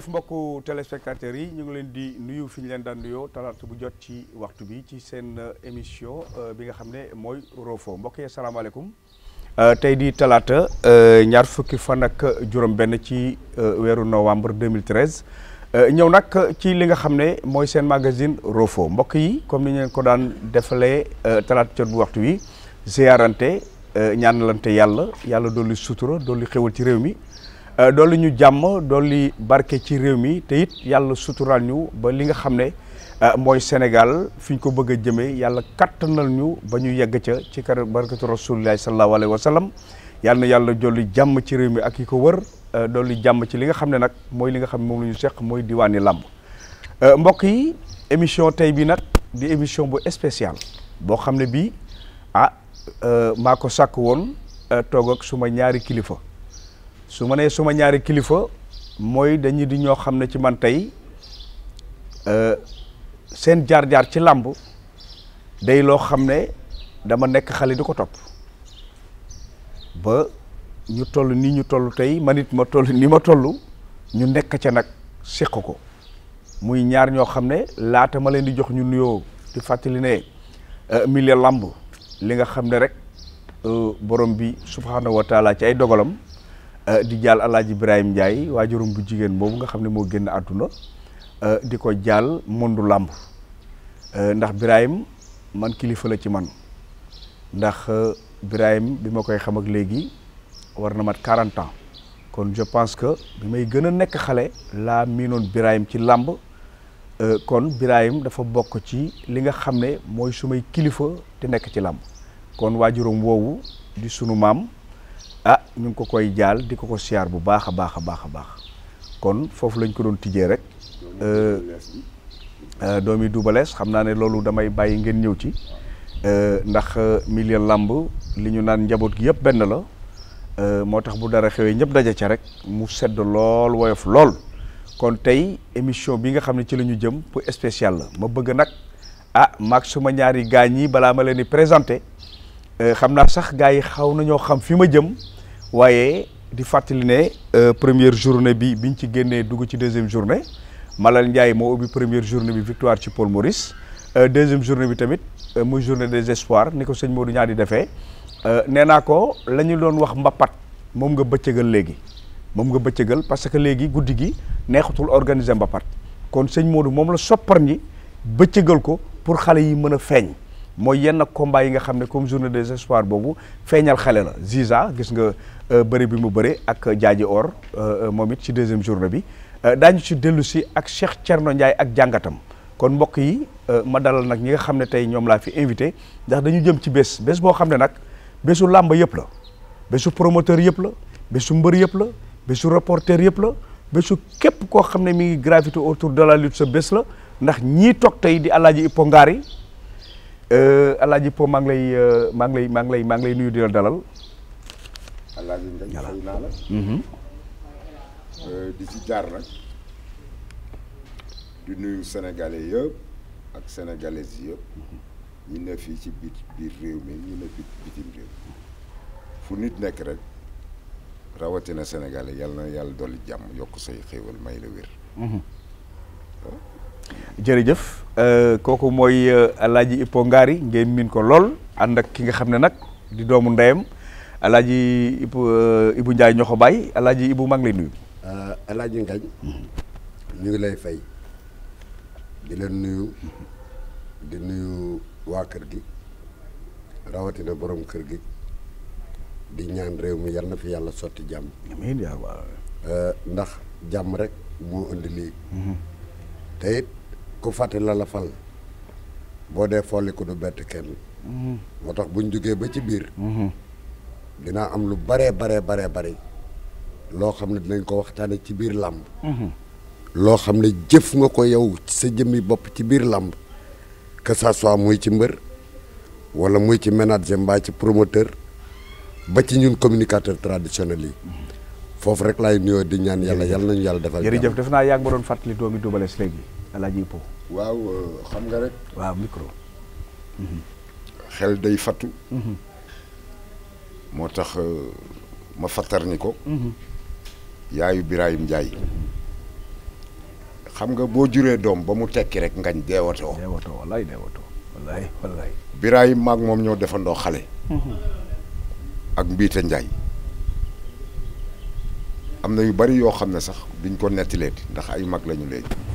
jërëjëf mbokku téléspectateurs yi ñu ngi leen di nuyu fi ñu leen daan nuyoo talaata bu jot ci waxtu bi ci seen euh, émission euh, bi nga xam ne mooy Roofo mbokk yi asalaamaaleykum euh, tey di talaata ñaar fukki fan ak juróom-benn ci weeru novembre 2013 ñëw nag ci li nga xam ne mooy seen magazine Roofo mbokk yi comme ni ñu leen ko daan defalee talaata jot bu waxtu bi ziarante ñaanalante yàlla yàlla dolli sutura dolli xewal ci réew mi. Euh, dolli ñu jàmm dolli barke ci réew mi teyit yàlla sutural ñu ba li nga xam ne euh, mooy Sénégal fi ñu ko bëgg a jëmee yàlla kattanal ñu ba ñu yegg ca ci kër barkatu rasulillahi sallallahu alayhi wa sallam yàlla na yàlla dolli jàmm ci réew mi ak yi ko wër euh, dolli jàmm ci li nga xam ne nag mooy li nga xam ne moom la ñu seq mooy diwaani làmb mbokk yi émission tey bi nag di émission bu spéciale boo xam ne bii ah maa ko sàkk woon toog ak suma ñaari kilifa. su ma nee suma ñaari kilifa mooy dañu di ñoo xam ne ci man tey euh, seen jaar-jaar ci làmb day loo xam ne dama nekk xale di ko topp ba ñu toll nii ñu toll tey man it ma toll nii ma tollu ñu nekk ca nag séq ko muy ñaar ñoo xam ne laata ma leen di jox ñu nuyoo di fàttali ne euh, milieu làmb li nga xam ne rek euh, borom bi subhaanahu wa taala ci ay dogalam Euh, di jaal alaaji Ibrahima Ndiaye waajuram bu jigéen boobu nga xam ne moo génn àdduna euh, di ko jaal mondu làmb euh, ndax Ibrahima man kilifa la ci man ndax Ibrahima bi ma koy xam ak léegi war na mat 40 ans kon je pense que bi may gën a nekk xale laa miinoon Ibrahima ci làmb kon Ibrahima dafa bokk ci li nga xam ne mooy sumay kilifa te nekk ci làmb kon waajuram woowu di sunu maam ah ñu ngi ko koy jaal di ko ko siyaar bu baax a baax a baax a baax kon foofu lañ ko doon tijjee rek euh, euh, doomi duubalees xam naa ne loolu damay bàyyi ngeen ñëw ci euh, ndax milieu làmb li ñu naan njaboot gi yëpp benn la moo tax bu dara xewee ñëpp daja ca rek mu sedd lool woyof lool kon tey émission bi nga xam ne ci la ñu jëm pour spécial la ma bëgg nag ah mag suma ñaari gaañ yi balaa ma leen di présenté Euh, xam naa sax gars yi xaw nañoo xam fi ma jëm waaye di fàttali ne euh, première journée bi biñ ci génnee dugg ci deuxième journée Malal Ndiaye moo ubbi première journée bi victoire ci Paul Maurice euh, deuxième journée bi tamit muy journée des espoirs ni ko sëñ Modou ñaa di defee nee naa ko la ñu doon wax mbappat moom nga bëccëgal léegi moom nga bëccëgal parce que léegi guddi gi neexatul organiser mbappat kon sëñ Modou moom la soppar ñi bëccëgal ko pour xale yi mën a feeñ mooy yenn combat yi nga xam ne comme journée des espoirs boobu feeñal xale la Ziza gis nga euh, bëri bi mu bëri ak Diadji Or euh, euh, moom it ci deuxième journée bi daañu si dellu si ak Cheikh Thierno Ndiaye ak jàngatam kon mbokk yi ma dalal nag ñi nga xam ne tey ñoom laa fi invité ndax dañu jëm ci bés bés boo xam ne nag bésu làmb yëpp la bésu promoteur yëpp la bésu mbër yëpp la bésu reporter yëpp la bésu képp koo xam ne mi ngi gravité autour de la lutte sa bés la ndax ñii toog tey di Alaaji Ipongaar yi Euh, Alaaji Po maa euh, lay maa ngi lay maa lay maa lay nuyu di la dalal. Alaaji Ngagne fay naa la. Mhm. Euh, di ci jaar nag di nuyu sénégalais yëpp ak sénégalaises yëpp mhm. ñu ne fii ci biir biir réew mi ñu ne bit bitim réew fu nit nekk rek rawatina sénégalais yal na yàlla dolli jàmm yokk say xéewal may la wér. Mhm. jërëjëf euh, kooku mooy euh, alaaji Hippo ngaari ngeen miin ko lool ànd ak ki nga xam ne nag di doomu ndeyam alaaji yi euh, Ibou Ndiaye ñoo ko bàyyi alaaji Ibou maa ngi lay nuyu. alaaji Ngañ ñu ngi lay fay di leen nuyu di nuyu waa kër gi rawatina borom kër gi di ñaan réew mi yal na fi yàlla sotti jàmm. amiin ndax jàmm rek moo indi lii. Mm-hmm. te ku fàtte la la fal boo dee folliku du bett kenn mm-hmm. moo tax buñ jógee ba ci biir mm-hmm. dinaa am lu baree baree baree bari loo xam ne dinañ ko waxtaane ci biir làmb mm-hmm. loo xam ne jëf nga ko yow sa jëmmi bopp ci biir làmb que ça muy ci mbër wala muy ci manager mbaa ci promoteur ba ci ñun communicateur traditionnel yi foofu rek laay nuyoo di ñaan yàlla yàlla nañu yàlla defal jërëjëf def naa yaa ngi doon fàttali doomi Double Less Alaaji Po waaw euh, xam nga rek. waaw micro. Mhm. xel day fattu. Mhm. moo tax euh, ma fattar ni ko. Mhm. yaayu Birayim Ndiaye. xam nga boo juree doom ba mu tekki rek ngañ deewatoo. deewatoo wallaay deewatoo wallaay moom ñoo defandoo xale. ak Mbiite Ndiaye. am na yu bari yoo xam ne sax duñ ko nettalee ndax ay mag lañu léegi.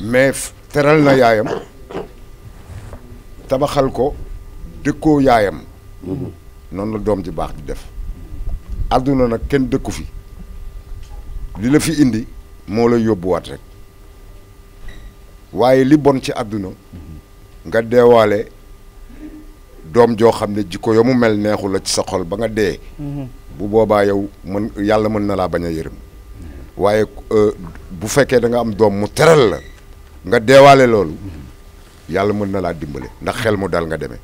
mais teral na yaayam tabaxal ko dëkkoo yaayam noonu la doom ji baax di def àdduna nag kenn dëkku fi li la fi indi moo lay yóbbuwaat rek waaye li bon ci àdduna nga deewaale doom joo xam ne jikko yow mu mel neexul la ci sa xol ba nga dee bu boobaa yow mën yàlla mën na laa bañ a yërëm waaye euh, bu fekkee da nga am doom mu teral la nga deewaale loolu yàlla mën na laa dimbale ndax xel mu dal nga demee.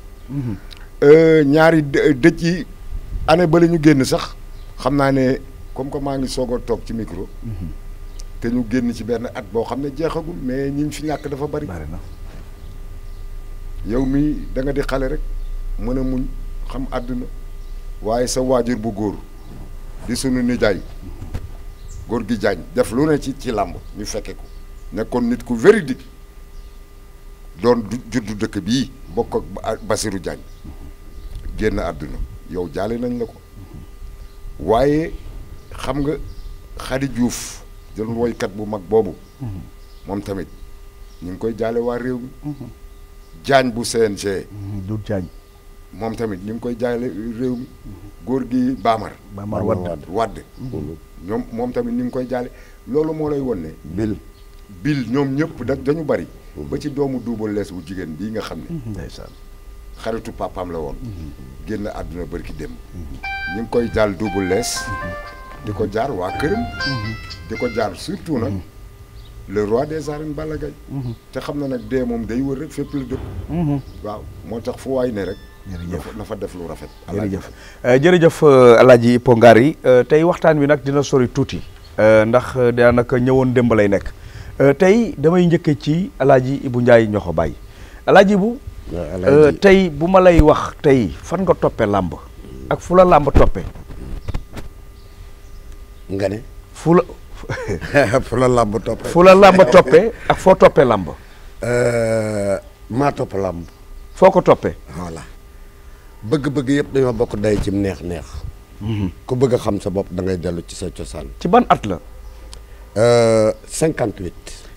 Euh, ñaari dëj yi année ba ñu génn sax xam naa ne comme que maa ngi soog a toog ci micro. te ñu génn ci benn at boo xam ne jeexagul mais ñi fi ñàkk dafa bari. bari na yow mii danga di xale rek mën a muñ xam àdduna waaye sa waajur bu góor di sunu nijaay góor gi jaañ def lu ne ci ci làmb ñu fekke ko. nekkoon nit ku véridique doon juddu dëkk bii bokk ak Basirou Diagne génn àdduna yow jaale nañ la ko waaye xam nga Khady Diouf jël woykat bu mag boobu moom tamit ñu ngi koy jaale waa réew mi bu CNG moom tamit ñu ngi koy jaale góor gi Baamar Baamar Wadd Wadd moom tamit ñu ngi koy jaale loolu moo lay won ne bil ñoom ñëpp nag dañu bari mm-hmm. ba ci doomu duuba lees bu jigéen bii nga xam ne mm-hmm. ndeysaan xaritu papaam la woon mm-hmm. génn àdduna bërki dem ñu ngi koy jaal duuba lees di ko jaar waa këram di ko jaar surtout nag le roi des arènes Balla Gaye te xam na nag dee moom day wër rek fépp la dëkk waaw moo tax fu waay ne rek na fa def lu rafet jërëjëf euh, jërëjëf euh, Alaaji ngaar yi euh, tey waxtaan wi nag dina sori tuuti ndax daanaka ñëwoon démb lay nekk Euh, tey damay njëkkee ci alaaji Ibu njaay ñoxo bay alaaji bu tey bu ma lay wax tey fan nga toppe làmb ak fu la làmb toppe nga ne fu la làmb toppe fu làmb toppe ak foo toppe làmb euh, maa topp làmb foo ko toppe voilà bëgg-bëgg yëpp dañoo bokk day ci neex neex mhm. ku bëgg xam sa bopp da ngay dellu ci sa cosaan ci ban at la 58. Euh,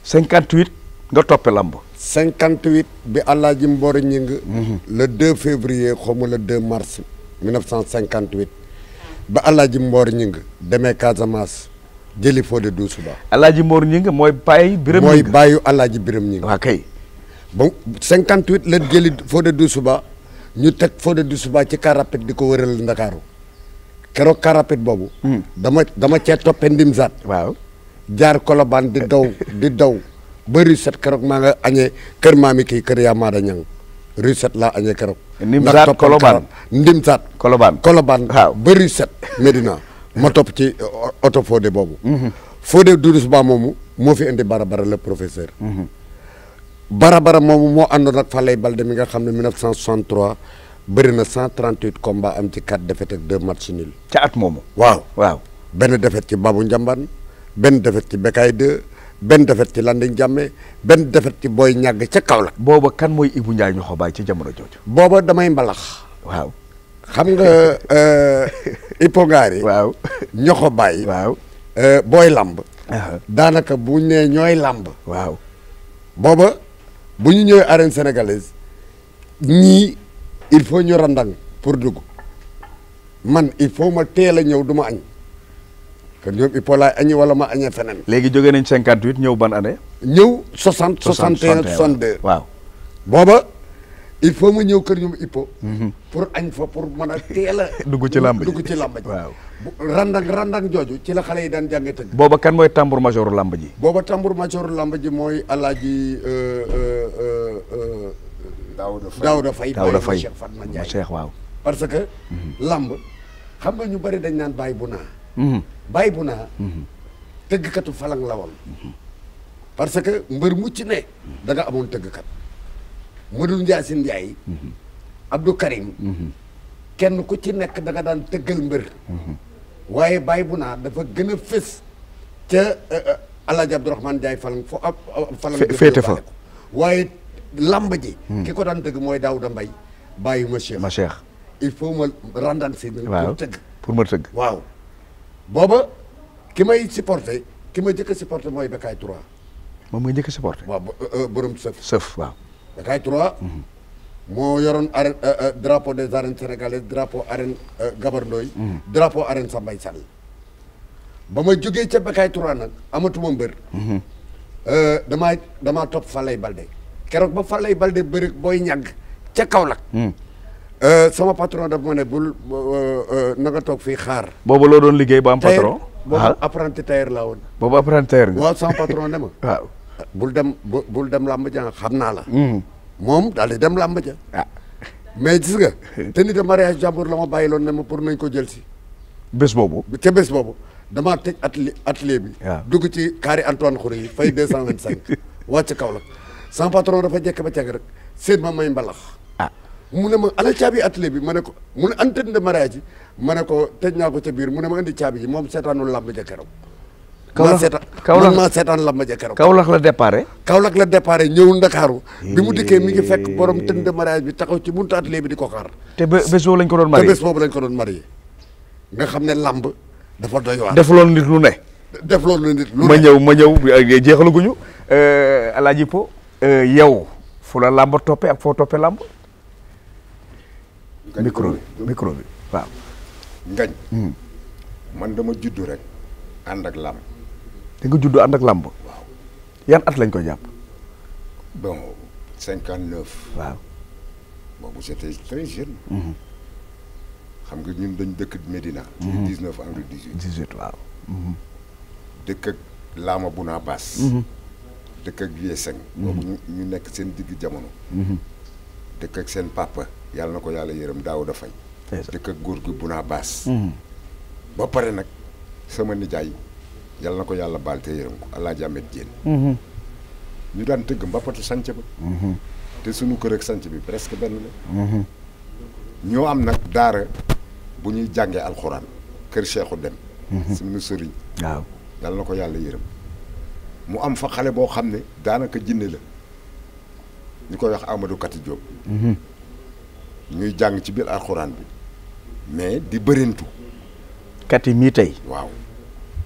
58 nga toppe lamb. 58 bi Alaaji Mboor Ñing mhm. le 2 février la le 2 mars 1958 ba Alaaji Mboor Ñing demee Casamance jëli Fodé Doussouba. Alaaji Mboor Ñing mooy bàyyi Biram Ñing mooy bàyyi Alaaji Biram Ñing waaw kay. ba 58 la jëli Fodé suba ñu teg Fodé Doussouba ci car di ko wëral Ndakaaru keroog car boobu. Hmm. dama dama cee toppe Ndimsaat waaw. jaar kolobaan di daw di daw ba rue sept keroog maa nga añee kër maami kii kër yaa maada ñang rue sept laa añee keroog ndimsaat kolobaan ndimsaat ba rue sept ma topp ci uh, oto Fodé boobu mhm. Fodé Doudou Ba moomu moo fi indi barabara le professeur mhm. barabara moomu moo àndoon ak Falaye Baldé mi nga xam ne 1963 bëri na 138 combats am ci 4 défaites ak 2 matchs nuls. ca at moomu. waaw waaw benn défaite ci Babou Njambaan. benn defet ci Bécaye 2 benn defet ci Landing Jàmme benn defet ci Boy Ñàgg ca la booba kan mooy ibu Ndiaye ñoxo baay ci jamono jooju booba damay mbalax waaw xam nga euh, ipongaar yi waaw ñoxo baay euh, booy lamb uh-huh. daanaka bu nee ñooy làmb waaw booba bu ñu ñëwee arène sénégalaise ñii il faut ñu randang pour dugg man il faut ma teel a ñëw duma ma añ kër ñoom Ipola añi wala ma añee feneen. léegi jógee nañ 58 ñëw ban année. ñëw 60. 61 62 waaw. booba il faut mu ñëw kër ñoom Ipo. Mhm. pour añ fa pour mën a teel dugg ci làmb ji dugg ci làmb ji waaw. randang randang jooju ci la xale yi daan jàngee tëgg. booba kan mooy tambour majoru làmb ji. booba tambour majoru làmb ji mooy alaaji. Euh, euh, euh, Daouda Faye Daouda Faye Daouda Faye Cheikh Fatma Ndiaye waaw. parce que. Mhm. làmb xam nga ñu bari dañ naan bàyyi bu naa. Mhm. bàyyi bu naa mhm. tëggkatu falang la woon mhm. parce que mbër mucc ne da nga amoon tëggkat Modou Ndiassine Ndiaye Abdou Karim kenn ku ci nekk danga daan tëggal mbër waaye bàyyi bu naa dafa gën a fës ca euh, euh, Alaaji Abdourahmane Ndiaye falang fo ab falang féete fa waaye lamb ji ki ko daan tëgg mooy Daouda mbay bàyyi ma cheikh il faut ma rendance pour tëgg pour ma tëgg waaw booba ki may supporté ki ma jëkk a mooy Bécaye 3. moom mooy jëkk a supporté. waaw euh, euh, borom sëf. sëf waaw. Bécaye mhm. moo yoroon arène euh, drapeau des arènes sénégalaises drapeau arène Gabar Ndoye. Mhm. drapeau arène Sambay Sall. ba ma jógee ca Bécaye 3 nag amatuma mbër. damaa mhm. damaa topp Falaye Balde keroog ba Falaye Balde bëri booy ñàgg ca kaw Kaolack. Euh, sama patron daf ma ne bul euh, euh, na nga toog fii xaar. boobu loo doon liggéey ba am patron. boobu ah. apprenti tailleur woon. boobu apprenti tailleur nga. waaw ma. waaw bul dem bul dem làmb xam naa la. Hmm. moom daal di dem làmb ah. mais gis nga. te ni la ma bàyyiloon ne ma pour nañ ko jël si. bés boobu. ca bés boobu damaa tëj atelier atelier bi. Ah. dugg ci carré Antoine Khoury yi fay deux cent vingt cinq wàcc Kaolack. sama patron dafa jekk ba ceeg rek seet ma may mbalax. mu ne ma ana caabi atelier bi ma ne ko mu ne an tëj na mariage ma ne ko tëj naa ko ca biir mu ne ma indi caabi ji moom seetaanul làmb ja keroog. Kaolack Kaolack man maa seetaan làmb ja keroog. Kaolack la déparé. Kaolack la déparé ñëw Ndakaaru. bi mu dikkee mu ngi fekk borom tënd mariage bi taxaw ci buntu atelier bi di ko xaar. te bés boobu lañ ko doon marié te bés lañ ko doon marié. nga xam ne làmb dafa doy waar. def nit lu ne. defaloon nit lu ne ma ñëw ma ñëw jeexalaguñu ñu euh, Hadj Po euh, yow fu la làmb toppee ak foo toppee làmb. micro bi micro bi waaw. ngañ. Hmm. man dama juddu rek ànd ak làmb. da nga juddu ànd ak làmb. waaw yan at lañ ko jàpp. bon cinquante neuf. waaw. boobu c'était hmm. xam nga ñun dañ dëkk Médina. Hmm. le dix neuf en le huit. waaw. dëkk ak Laama Buna Baas. dëkk ak Vieux Seng. ñu nekk seen digg jamono. dëkk ak seen pàppa yàlla na ko yàlla yërëm Daouda Faye dëkk ak góor gi bu naa baas mm-hmm. ba pare nag sama nijaay yàlla na ko yàlla baal te yërëm ko Alaaji Amet Jéen mm-hmm. ñu daan tëgg mbappatu sanc ba mm-hmm. te sunu kër ak sanc bi presque benn la ñoo am nag daara bu ñuy jàngee alxuraan kër Seexu Dem sunu sëriñ waaw yàlla na ko yàlla yërëm mu am fa xale boo xam ne daanaka jinne la ñu koy wax Amadou Kati Diop ñuy jàng ci biir alxuraan bi mais di bërintu kati mii tey waaw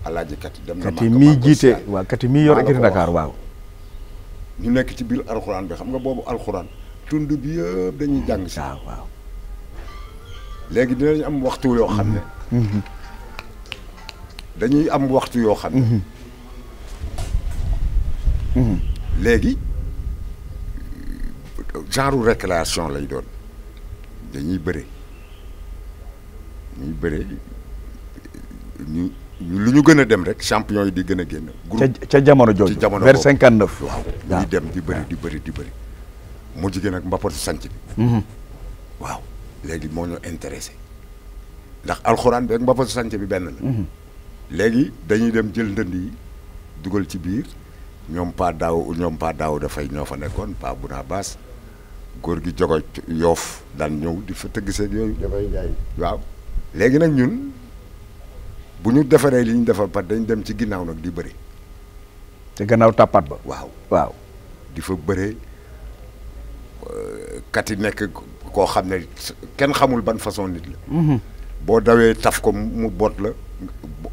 alaaji kati dem na kati mii jiite waaw kati mii yor écurie Dakar waaw ñu nekk ci biir alxuraan bi xam nga boobu alxuraan tund bi yëpp dañuy jàng si waaw waaw léegi dinañ am waxtu yoo xam ne mm-hmm. Mm-hmm. dañuy am waxtu yoo xam ne mm-hmm. léegi genre récréation lay doon dañuy bëre dañuy bëre ñu lu ñu gën a dem rek champion yi di gën a génn. groupe ca jamono jooju vers cinquante neuf. waaw ah. ñuy dem di bëri ah. di bëri di bëri. mu jigéen nag mbapport sanc bi. Mm-hmm. waaw léegi moo ñu intéressé ndax alxuraan bi ak mbapport sanc bi benn la. Mm-hmm. léegi dañuy dem jël ndënd yi dugal ci biir ñoom Pa Daaw ñoom Pa Daaw dafay ñoo fa nekkoon Pa Buna góor gi jogo yoof daan ñëw di fa tëgg seen yooyu dafay njaay waaw léegi nag ñun bu ñu defaree li ñu defar pat dañ dem ci ginnaaw nag di bëri ci gannaaw tàppaat ba waaw waaw di fa bëre euh, kat nekk koo xam ne kenn xamul ban façon nit la mhm. boo dawee taf ko mu boot la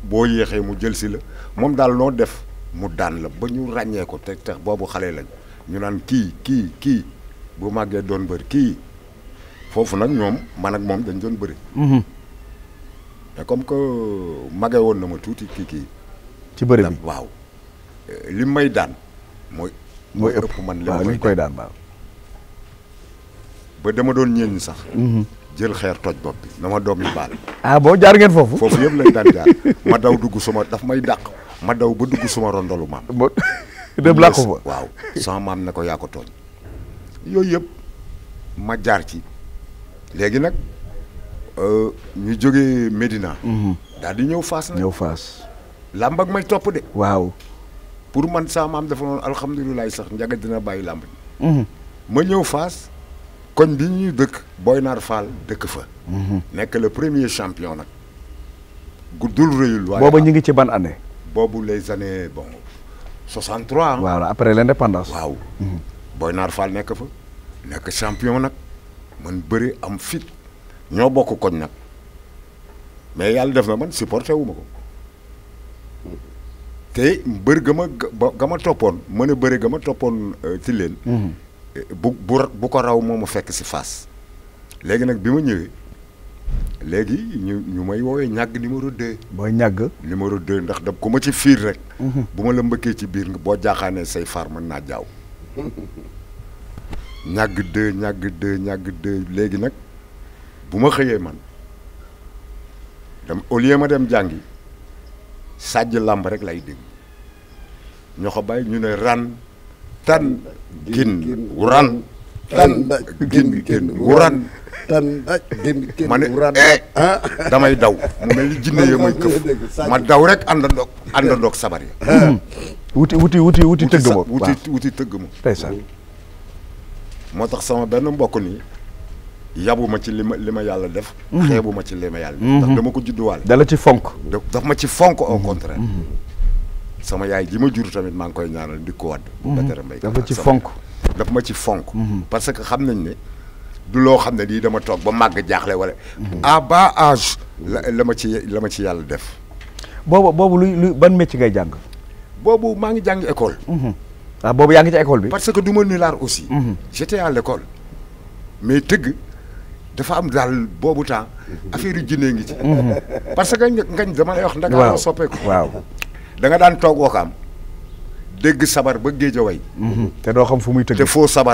boo yéexee mu jël si la moom daal noo def mu daan la ba ñu ràññee ko te te boobu xale lañ ñu naan kii kii kii bu màggee doon bëri kii foofu nag ñoom man ak moom dañ doon bëri. mais mhm. comme que màggee woon na ma tuuti kii kii. ci bëri bi waaw. lim may daan mooy. mooy ëpp man li ma koy daan waaw ba doon ñeen sax. Mhm. jël xeer toj bopp bi na ma doom yi baal. ah boo jaar ngeen foofu. foofu yëpp lañ daan jaar ma daw dugg suma daf may dàq ma daw ba dugg suma rondolu maam. dem làkk fa waaw sama maam ne ko yaa ko tooñ. yooyu yëpp ma jaar ci léegi nag euh, ñu jógee Medina. Mhm. daal di ñëw Fass na ñëw Fass. làmb may topp de. waaw pour man saa maam dafa noonu alhamdulilah sax njaga dina bàyyi làmb ji. Mhm. ma ñëw Fass koñ bi ñuy dëkk Boy Naar Fall dëkk fa. Mhm. nekk le premier champion nag. guddul rëyul. waaye boobu ñu ngi ci ban ane boobu les années bon 63. voilà après l' indépendance. waaw. Boy Naar Fall nekk fa nekk champion nag man bëri am fit ñoo bokk koñ nag mais yàlla def na man supporté wu ma ko te mbër ga ma ga ma toppoon mën a bëri ga ma toppoon euh, ci leen mhm. bu bu bu ko raw moo ma fekk si Fass léegi nag bi ma ñëwee léegi ñu ñu may woowee ñàgg numéro 2. booy ñàgg. numéro 2 ndax daf ku ma ci fiir rek. Mhm. bu ma la mbëkkee ci biir nga boo jaaxaanee say far mën naa jaaw. ñàgg deux ñàgg deux ñàgg deux léegi nag bu ma xëyee man dem au lieu ma dem jàngi sàjj làmb rek lay dégg ñoo ko ñu ne ran tan gin wuran tan gin gin wuran tan gin gin ma ne eh, damay daw mu mel ni jinne ya may këf ma daw rek àndandoog àndandoog sabar ya hmm. wuti wuti wuti wuti tëgg ma wuti wuti tëgg ma ndeysaan moo tax sama benn mbokk nii yabu ma ci li ma li ma yàlla def mhm. xeebu ma ci li ma yàlla def mhm. ndax ko judduwaale dala ci fonk daf ma ci fonk au mhm. contraire sama yaay ji ma jur tamit maa ngi koy ñaanal di ko wadd Badara Mbaye daf ma ci daf ma ci fonk parce que xam nañ ne du loo xam ne lii dama toog ba màgg jaaxle wala à bas âge la la ma ci la ma ci yàlla def boobu boobu lu ban métier ngay jàng boobu maa ngi jàng école. Mhm. ah boobu yaa ngi ci école bi. parce que du ma nulaar aussi. Mhm. j'étais à l'école mais tëgg dafa am daal boobu temps affaire jinne ngi ci. Mhm. parce que nga dama wax. waaw ndakaaru soppeeku. waaw da nga daan toog wookaam dégg sabar ba géej a way. te doo xam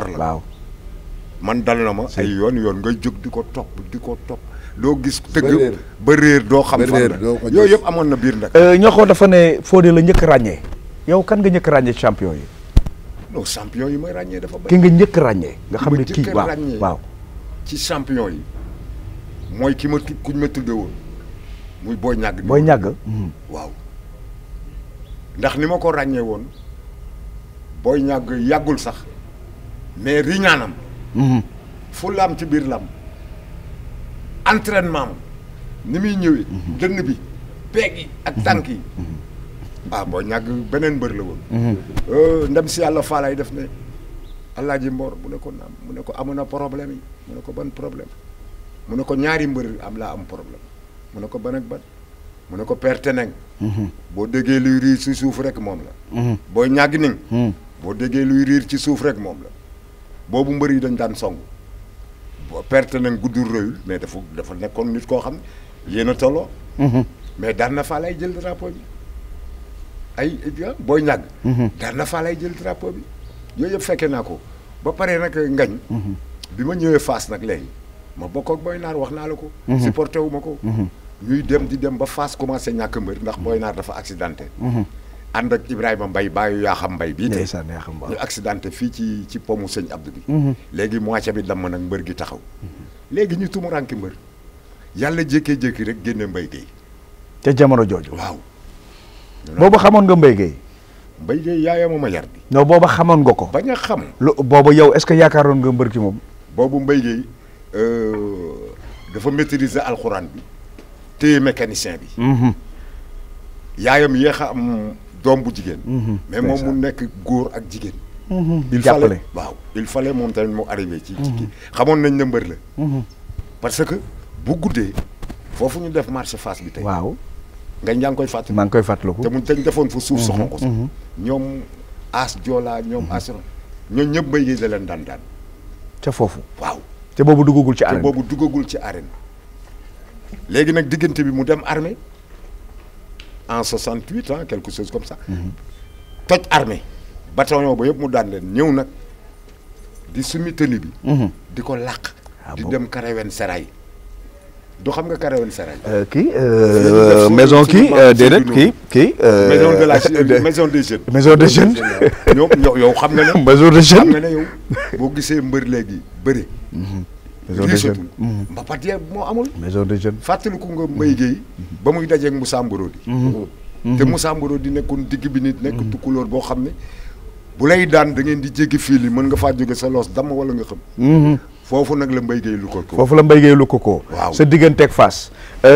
man dal na ma ay yoon yoon ngay jóg di ko topp di ko topp doo gis tëgg ba réer doo xam fan la yooyu yëpp amoon na biir nag euh, ñoo ko dafa ne Fodé la njëkk ràññee yow kan nga ñëkk ràññee champion yi. non yi may ràññee dafa bëri. ki nga njëkk ràññee. nga xam ne kii waaw waaw ci champion yi mooy ki ma kuñ ma tudde woon booy ñàgg. booy ñàgg. ni ma ko ràññee woon booy ñàgg yàggul sax mais riñaanam. Hmm. fu laam ci biir lam entraînement am ni muy ñëwee. Hmm. dënn bi peeg yi ak hmm. tànk yi. ah boo ñàgg beneen mbër la woon. Mhm. Euh, ndem si yàlla faalaay def ne Alaaji Mboor mu ne ko naam mu ne ko amoon na yi mu ne ko ban problème mu ne ko ñaari mbër am laa am problème mu ne ko ban ak ban mu ne ko perte nañ. Mhm. boo déggee luy riir ci suuf rek moom la. Mhm. booy ñàgg ci suuf rek moom la boobu mbër yi dañ daan song boo perte nañ guddul rëyul mais dafa dafa nekkoon nit koo xam ne yéen a tolloo. mais daan na faalaay jël drapeau bi. ay booy ñàgg. Mhm. daan na faa lay jël drapeau bi yooyu yëpp fekkee naa ko ba pare nag ngañ. Mhm. bi ma ñëwee Fass nag léegi ma bokk booy naar wax naa la ko. Mhm. supporté wu ko. ñuy dem di dem ba Fass commencé ñàkk mbër ndax booy naar dafa accidenté. ànd ak Ibrahima mbay baayu yaa xam mbay bii te ñu accidenté fii ci ci pomu sëñ Abdou bi léegi moitié bi damm nag mbër gi taxaw léegi ñu tumuranki mbër yàlla jékkee-jékki rek génne mbay géey te jamono jooju waaw boobu xamoon nga mbay Gueye Mbaye Gueye yaayam ma yar bi non booba xamoon nga ko bañ a xam lu booba yow est-ce que yaakaaroon nga mbër ci moom boobu Mbaye Gueye euh, dafa maîtriser alxuraan bi téye mécanicien bi mhm. yaayam yéex a doom bu jigéen mhm. mais moom mu nekk góor ak jigéen mhm. il fallait waaw il fallait moom tamit mu arrivé ci ci xamoon nañ ne mbër la parce que bu guddee foofu ñu def marché face bi tey waaw ngañ yaa ngi koy fàttali. fàttaliku te mu dañ defoon fa suuf soxna ko sax. ñoom as joolaa ñoom mhm. as ñoom ñëpp mbéy yi leen daan daan. ca foofu. waaw te boobu duggagul ci arène boobu duggagul ci arène. léegi nag diggante bi mu dem armée en 68 ans quelque chose comme ça. Mhm. toj armée bataillon ba yëpp mu daan leen ñëw nag di sumi tenue bi. Mhm. di ko làq. Ah di dem Karewen Serail. du xam nga Caroline Seraing. kii maison kii euh, déedéet kii kii. Euh, maison de la maison des jeunes. maison des jeunes. ñoom yow xam nga ne. maison des jeunes xam nga ne yow boo gisee mbër léegi bëri. Mhm. maison des jeunes mhm. mbapat yee moo amul. maison des jeunes fàttaliku nga Mbaye Guèye ba muy dajeeg Moussa Mborodi. Mhm. Oh. te Moussa Mborodi nekkoon digg bi nit nekk tukkulóor boo xam ne bu lay daan da ngeen di jéggi fii li mën nga faa jóge sa loos dama wala nga xam. foofu nag la mbay Gueye lu ko foofu la Mbaye Gueye lu ko koo waaw sa digganteeg Fass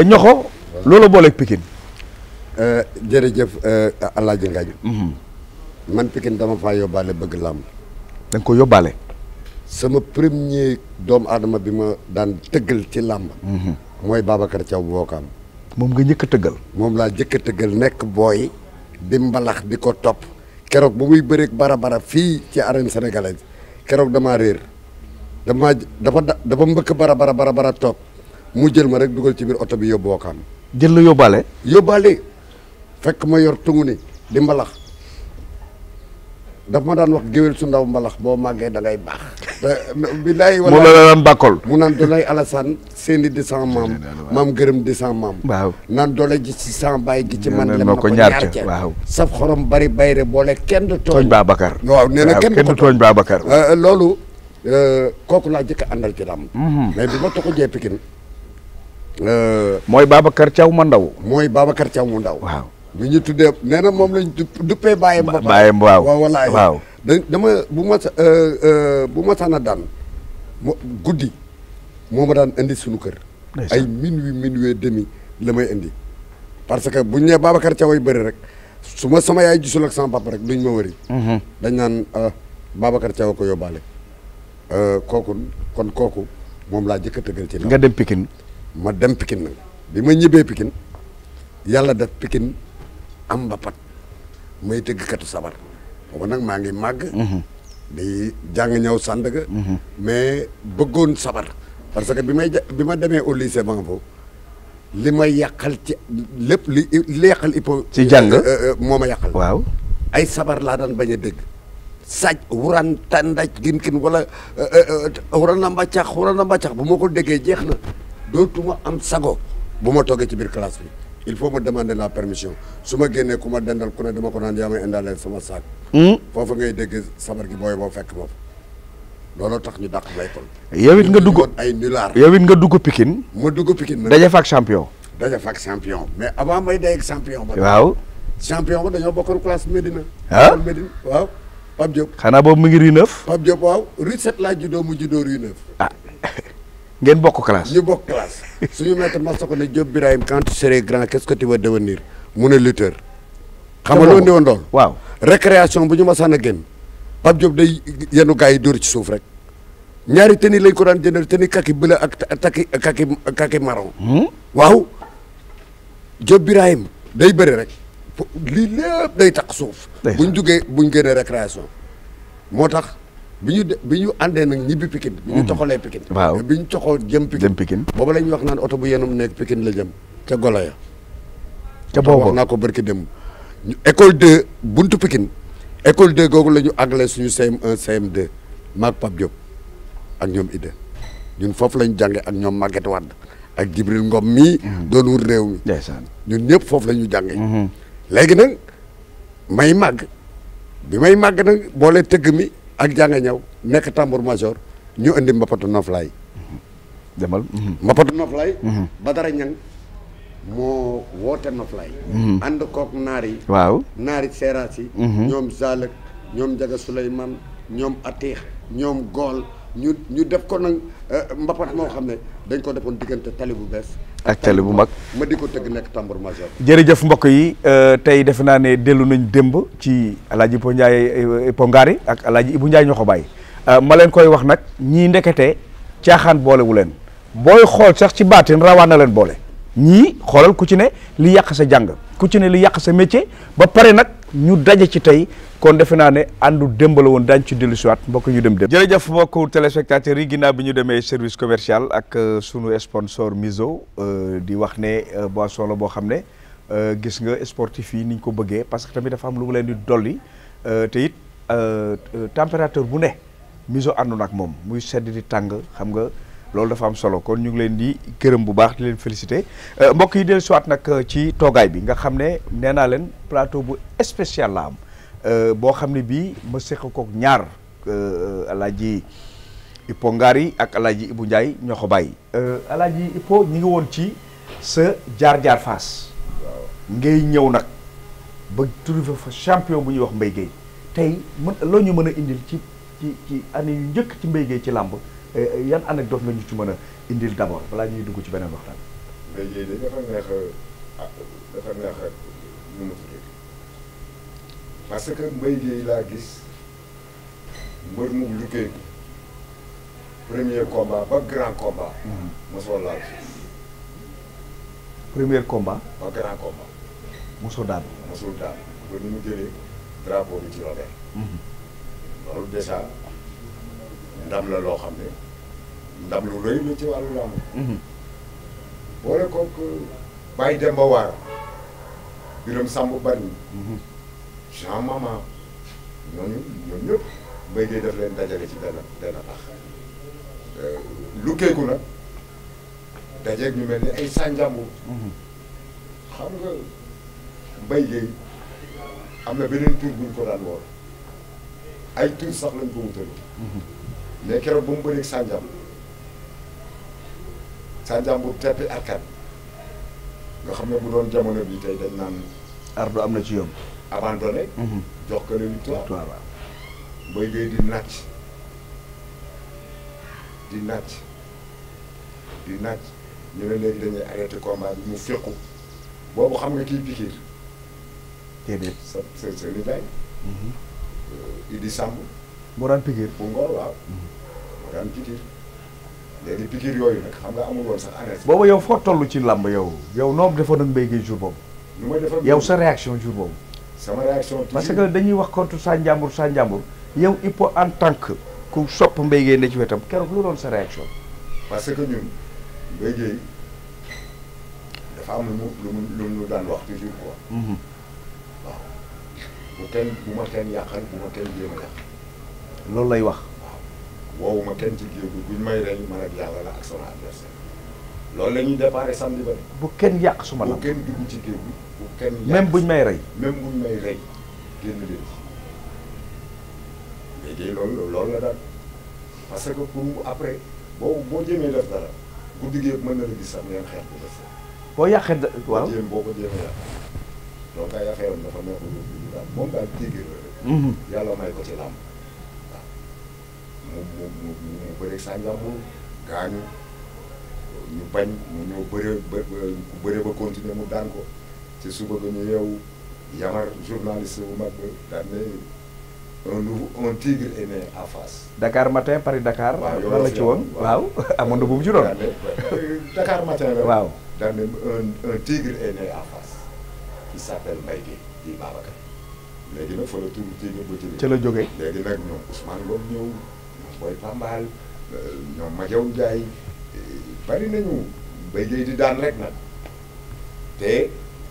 ñoxo euh, loola booleeg Pikine euh, jërëjëf euh, Alaaji Ngagne mhm. man Pikine dama faa yóbbaale bëgg làmb da ko yóbbaale sama premier doomu aadama bi ma daan tëggal ci làmb mhm. mooy Babacar Thiaw Bokaam moom nga njëkk tëggal moom laa njëkk a tëggal nekk booy di mbalax di ko topp keroog bu muy bëreeg bara fii ci arène sénégalaise keroog damaa réer dama dafa dafa mbëkk bara bara bara bara toog mu jël ma rek dugal ci biir oto bi yóbbu wakaam jël la yóbbaale yóbbaale fekk ma yor tungu ni di mbalax daf ma daan wax géwél su ndaw mbalax boo màggee da ngay baax bi lay mu daan bàkkol mu naan doolay Alassane seeni di san maam gërëm di san maam waaw naan doole ji ci san baay gi ci man lem na ko ñaar ca waaw saf xorom bari bayre boole kenn du tooñ Babacar waaw nee kenn du tooñ Babacar euh, euh, loolu Euh, kooku laa jëkk a àndal ci làmb. Mhm. mais bi ma toxu jee Pikine. Euh, mooy Babacar caw ma ndaw. mooy Babacar Thiaw mu ndaw. waaw mu ñu tuddee nee na moom lañ duppee bàyyam. bàyyam waaw waaw waaw. dama bu ma euh, bu ma saan a guddi moo ma daan indi suñu kër. ay minuit minuit demi la may indi. parce que bu ñu nee Babacar Thiaw ay bëri rek su sama yaay gisul ak sama papa rek duñ ma wëri. Mhm. dañ naan ah, Babacar Thiaw ko yóbbaale. Euh, kooku kon kooku moom laa jëkk a tëggal ci. nga dem pikin ma dem pikin nag bi ma ñibbee pikin yàlla def Pikine am ba pat may tëggkatu sabar booba nag maa ngi màgg. Mhm. di jàng ñëw Sandaga. Mhm. mais bëggoon sabar. parce que bi may bi ma demee au lycée Mangabou li may yàqal ci lépp li li yàqal. ci jàng euh, euh, moo ma yàqal. waaw ay sabar laa daan bañ a dégg. saj wuran tàndaj gin kin wala wuran euh, euh, euh, a mbàccax wuran a mbàccax bu ma ko déggee jeex na doo dootuma am sago bu ma toogee ci biir classe bi il faut ma demander la permission su ma génnee ku ma dendal ku ne dama ko naan yaa may indaaleel sama saak hmm? foofu ngay dégg sabar gi booy boo fekk ma looloo tax ñu dàq ba école yow it nga dugg ay nulaar yow it nga dugg Pikine ma dugg Pikine daja faak champion daja faak champion mais avant may day ak champion ba waaw champion ba dañoo bokkoon classe Médina ah Pape Diop xanaa boobu mu ngi rue neuf. Pape Diop waaw rue sept laa mu juddoo rue neuf. Ah, ngeen bokk classe. bokk classe suñu maître ma ko ne Diop Birahim quand tu seras grand quest mu ne lutteur. xam nga loolu woon lool waaw récréation bu ñu masaan a génn Pape job day yenu gars yi dóor ci suuf rek ñaari tenue lañ ko daan jëndal tenue kaki bleu ak taki kaki kaki marron hmm? waaw Diop Birahim day bëri rek. lii lépp day tax suuf. buñ jugee buñ génnee récréation moo tax. bi ñu de bi ñu àndee nag ñibbi Pikine. bi ñu mhm. toxalee Pikine. waaw bi ñu toxoo jëm Pikine jëm Pikine. boobu la wax naan oto bu mu nekk Pikine la jëm ca golo ya ca boobu wax naa ko barki dem école 2 buntu Pikine école 2 googu lañu ñu àggale suñu CM1 CM2 maag ak ñoom Ida ñun foofu la ñu jàngee ak ñoom Maguette Wade ak Djibril Ngom mii. Mhm. doon wut réew mi. ñun ñëpp foofu la ñu jàngee. Mhm. léegi nag may màgg bi may màgg nag boole tëgg mi ak jànga ñaw nekk tambour major ñu indi mbapatu noflaay demal mhm. mbapatu noflaay mhm. ba dara ñang moo woote noflaay mhm. ànd kook naar waaw naari seeraas yi ñoom zalëk ñoom njaga souleyman ñoom atiix ñoom gool ñu ñu def ko nag euh, mbapat moo xam ne dañ koo defoon diggante tali bu bees ak télé bu mag ma di ko tëgg jërëjëf mbokk yi euh, tey defe naa ne dellu nañ démb ci alaaji Po Ndiaye euh, Pongaari ak alaaji Ibu Ndiaye ñoo ko bàyyi euh, ma leen koy wax nag ñii ndekete caaxaan boolewu leen booy xool sax ci baatin rawaan na leen boole ñii xoolal ku ci ne li yàq sa jàng ku ci ne li yàq sa métier ba pare nag ñu daje ci tey kon defe naa ne àndu démb woon daañu ci dellu si mbokk ñu dem dem. jërëjëf mbokku téléspectateurs yi ginnaaw bi ñu demee service commercial ak euh, sunu sponsor Miso euh, di wax ne euh, boisson la boo xam ne gis nga sportif yi ni ñu ko bëggee parce que tamit dafa am lu mu leen di dolli te it température bu ne Miso àndu nag moom muy sedd di tàng xam nga. loolu dafa am solo kon ñu ngi leen di gërëm bu baax leen félicité euh, mbokk yi dellu soit nag euh, ci toogaay bi nga xam ne nee naa leen plateau bu spécial la am euh, boo xam ne bii ma seq kook ñaar alaaji Ipo Ngari ak alaaji Ibu Ndiaye ñoo ko bàyyi alaaji Ipo ñi ngi woon ci sa jaar-jaar Fass ngay ñëw nag ba trouvé fa champion bu ñuy wax Mbaye Guèye tey mën loo ñu mën a indil ci ci ci année yu njëkk ci Mbaye Guèye ci làmb Eh, yan anecdote nga ñu ci mën a indil d'abord balaa ñuy dugg ci beneen waxtaan. mais yéen dafa neex a ah, dafa neex a nu mu tudd parce que Mbaye Guèye laa gis mbër mu liggéey premier combat ba grand combat. Mm-hmm. mosoo laal premier combat. ba grand combat. mosoo daal. mosoo daal ba ni mu jëlee drapeau bi ci Robert. Mm-hmm. loolu déjà. ndam la loo xam ne ndam lu rëy la ci wàllu làmb. Mhm. boole kooku Baye Demba Waar. Birame Samb Bari. Mhm. Jean Mama ñooñu ñoom ñëpp mbéy mi daf leen dajale ci benn benn tax. Euh, lu keeku nag dajeeg ñu mel ni ay sànjambu. Mhm. xam nga mbay géey am na beneen tur buñ ko daan woor ay tur sax lañ ko wutale mais keroog ba mu bëreeg sànjam sànjam bu teppi arkat nga xam ne bu doon jamono bi tey dañ naan ardu am na ci yomb abandonné mhm. jox ko la victoire waaw Mbaye Gueye di nàcc di nàcc di nàcc ñu ne léegi dañuy arrêté combat bi mu féqu boobu xam nga kiy pikiir déedéet sa sa sa nijaay mhm. euh, Idi Samb moo daan pikiir bu ngor waaw mhm. nga am pikiir léegi pikiir yooyu nag xam nga amul woon sax ANACIM. boobu yow foo tollu ci làmb yow yow noo defoon ak Mbaye Guèye jour boobu. nu defoon yow sa réaction jour boobu. sama réaction parce que dañuy wax contre sa njàmbur sa njàmbur yow Hippo en tant que ku sopp Mbaye Guèye ne ci wetam keroog lu doon sa réaction. parce que ñun Mbaye Guèye dafa am lu mu lu mu lu daan wax toujours quoi. Mhm. waaw bu kenn bu loolu lay wax. woowu ma kenn ci géew bi buñ may rey man ak yàlla la ak sama adversaire loolu la ñuy déparé samedi bu kenn yàq suma la bu kenn dugg ci géew bi bu kenn yàq même buñ may rey même buñ may rey génn leen ci léegi loolu loolu la daal parce que pour après boobu boo jëmee def dara guddi gi mën na la gis sax ngeen xeex bu def boo yàqee da waaw jéem boo ko jéemee yàq donc ay affaire am dafa neexul moom daal téegéer la rek mhm. yàlla may ko ci làmb mu mu mu mu bëreeg Sanjambur gaañu ñu bañ mu ñëw bëree ba ku bëree ba continuer mu daan ko ci suba ba ñu yeewu yamar journaliste bu mag daan ne un nouveau un tigre est né à Fass. Dakar matin Paris Dakar. waaw la ci woon waaw amoon na bu mu ci doon. Dakar matin la. waaw daan ne un un tigre est né à Fass. il s'appelle Mbaye Gueye di Babacar léegi nag fa la turu tigre bu ci. ca la jógee léegi nag ñoom Ousmane Ngom ñëw. booy Pambal euh, ñoom Madiaw Ndiaye euh, bari nañu Mbaye di daan rek nag te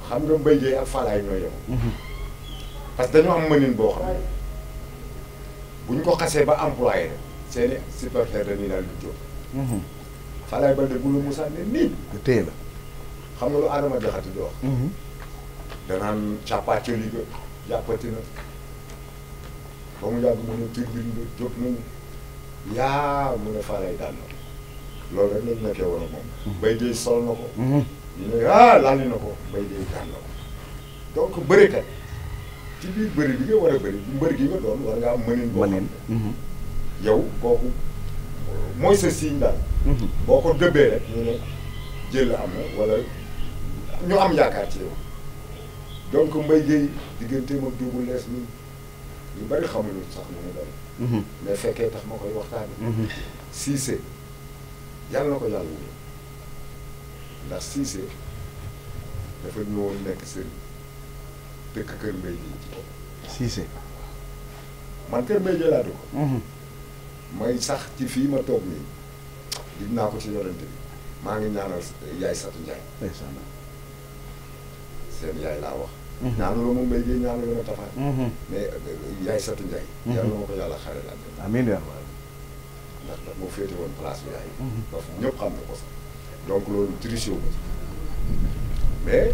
xam nga Mbaye Dièye ak Falaay ñoo yem. Mhm. parce que dañoo am mënin boo xam ne bu ñu ko xasee ba employé rek seen i dañuy daal jóg. Mhm. Falaay Balde bu la Moussa ne nii. téye la xam nga lu Adama Diakhaté di wax. Mhm. danaan càppaacoli ga jàppati na ba mu yàgg mu ne turbine ba jóg nañu. yaa mu ne faa lay daan na loolu rek lañ nekkee moom. bay dee sol na ko. Mhm. ñu ne ah laal na ko bay dee daan na ko donc bërikat ci biir bëri bi war a bëri mbër gi nga doon war ngaa mënin. mënin mhm. yow kooku mooy sa signe daal. Mhm. boo ko dëbbee rek ñu ne jël am na wala ñu am yaakaar ci yow donc mbay géey digganteem ak Double Less ñu bari xamuñu sax lu mu doon. Mhm. mais fekkee tax ma koy waxtaanee. Mhm. Cissé yàlla na ko yàlla wóor ndax Cissé dafa ñëwoon nekk sëriñ dëkk Kër Mbaye ji ko. Mhm. may sax ci fii ma toog nii dig naa ko ci yorante bi maa ngi ñaanal yaay Satu Njaay. seen yaay laa wax. ñaanaloo mhm. moom mbay gi ñaanaloo na taxaar. Mhm. mais euh, yaay satu Ndiaye. Mhm. yàlla na ma ko yàlla xaaree laaj. amiin yaa ndax ndax moo féete woon place bi yaay. ndax ñëpp xam na ko sax donc loolu triché wu ko mais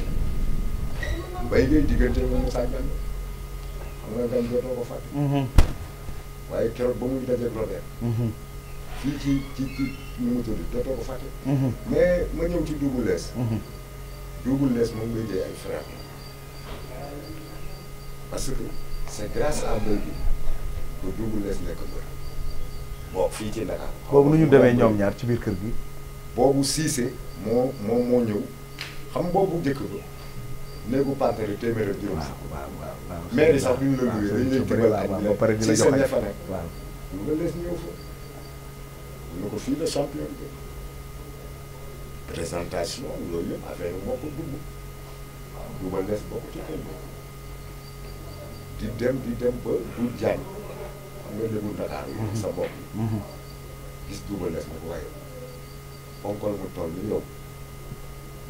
mbay gi diggante moom Moussa Gane xam nga gan dootoo ko fàtte. waaye keroog ba muy dajeeg Robert. fii ci ci ci nu mu tudd dootoo ko fàtte. mais ma ñëw ci Double Less. Double Less moom ngay ay frère. parce que c' est grâce à mbër bi ba Double Less nekk mbër bon fii ci Dakar. boobu nu ñu demee ñoom ñaar ci biir kër gi. boobu Cissé moo moo moo ñëw xam boobu njëkk ba néegu panthère téeméer ak juróom. waaw waaw waaw sax bu ñu la nuyee dañu leen dimbal pare ñu la jox añ fa nekk waaw Double Less ko fii la champion bi présentation moo ko dugg waaw Double Less bokk di dem di dem ba du jàng xam nga demul Dakar. Mhm. sa bopp. Mhm. gis Double Less nag waaye ponkol mu toll ni yow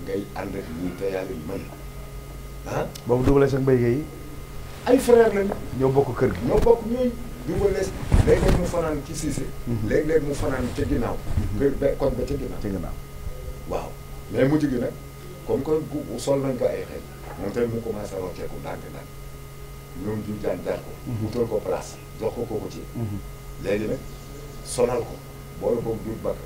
ngay ànd ak ñi te yàlla mën ah. boobu Double Less ak Mbaye ay frère lañ. ñoo bokk kër gi ñoo bokk ñooy. Double Less léeg-léeg mu fanaan ci Cissé. Mhm. léeg-léeg mu fanaan ca ginnaaw. kër ba kon ba ca ginnaaw. ca ginnaaw waaw mais mujj nag comme que sol nañ ko ay xel moom tamit mu commencé rocceeku ndànk-ndànk. ñoom jur daan jaar ko. wutal mhm. ko place jox ko kooku ci. Mhm. léegi nag sonal ko boole koog jur bakk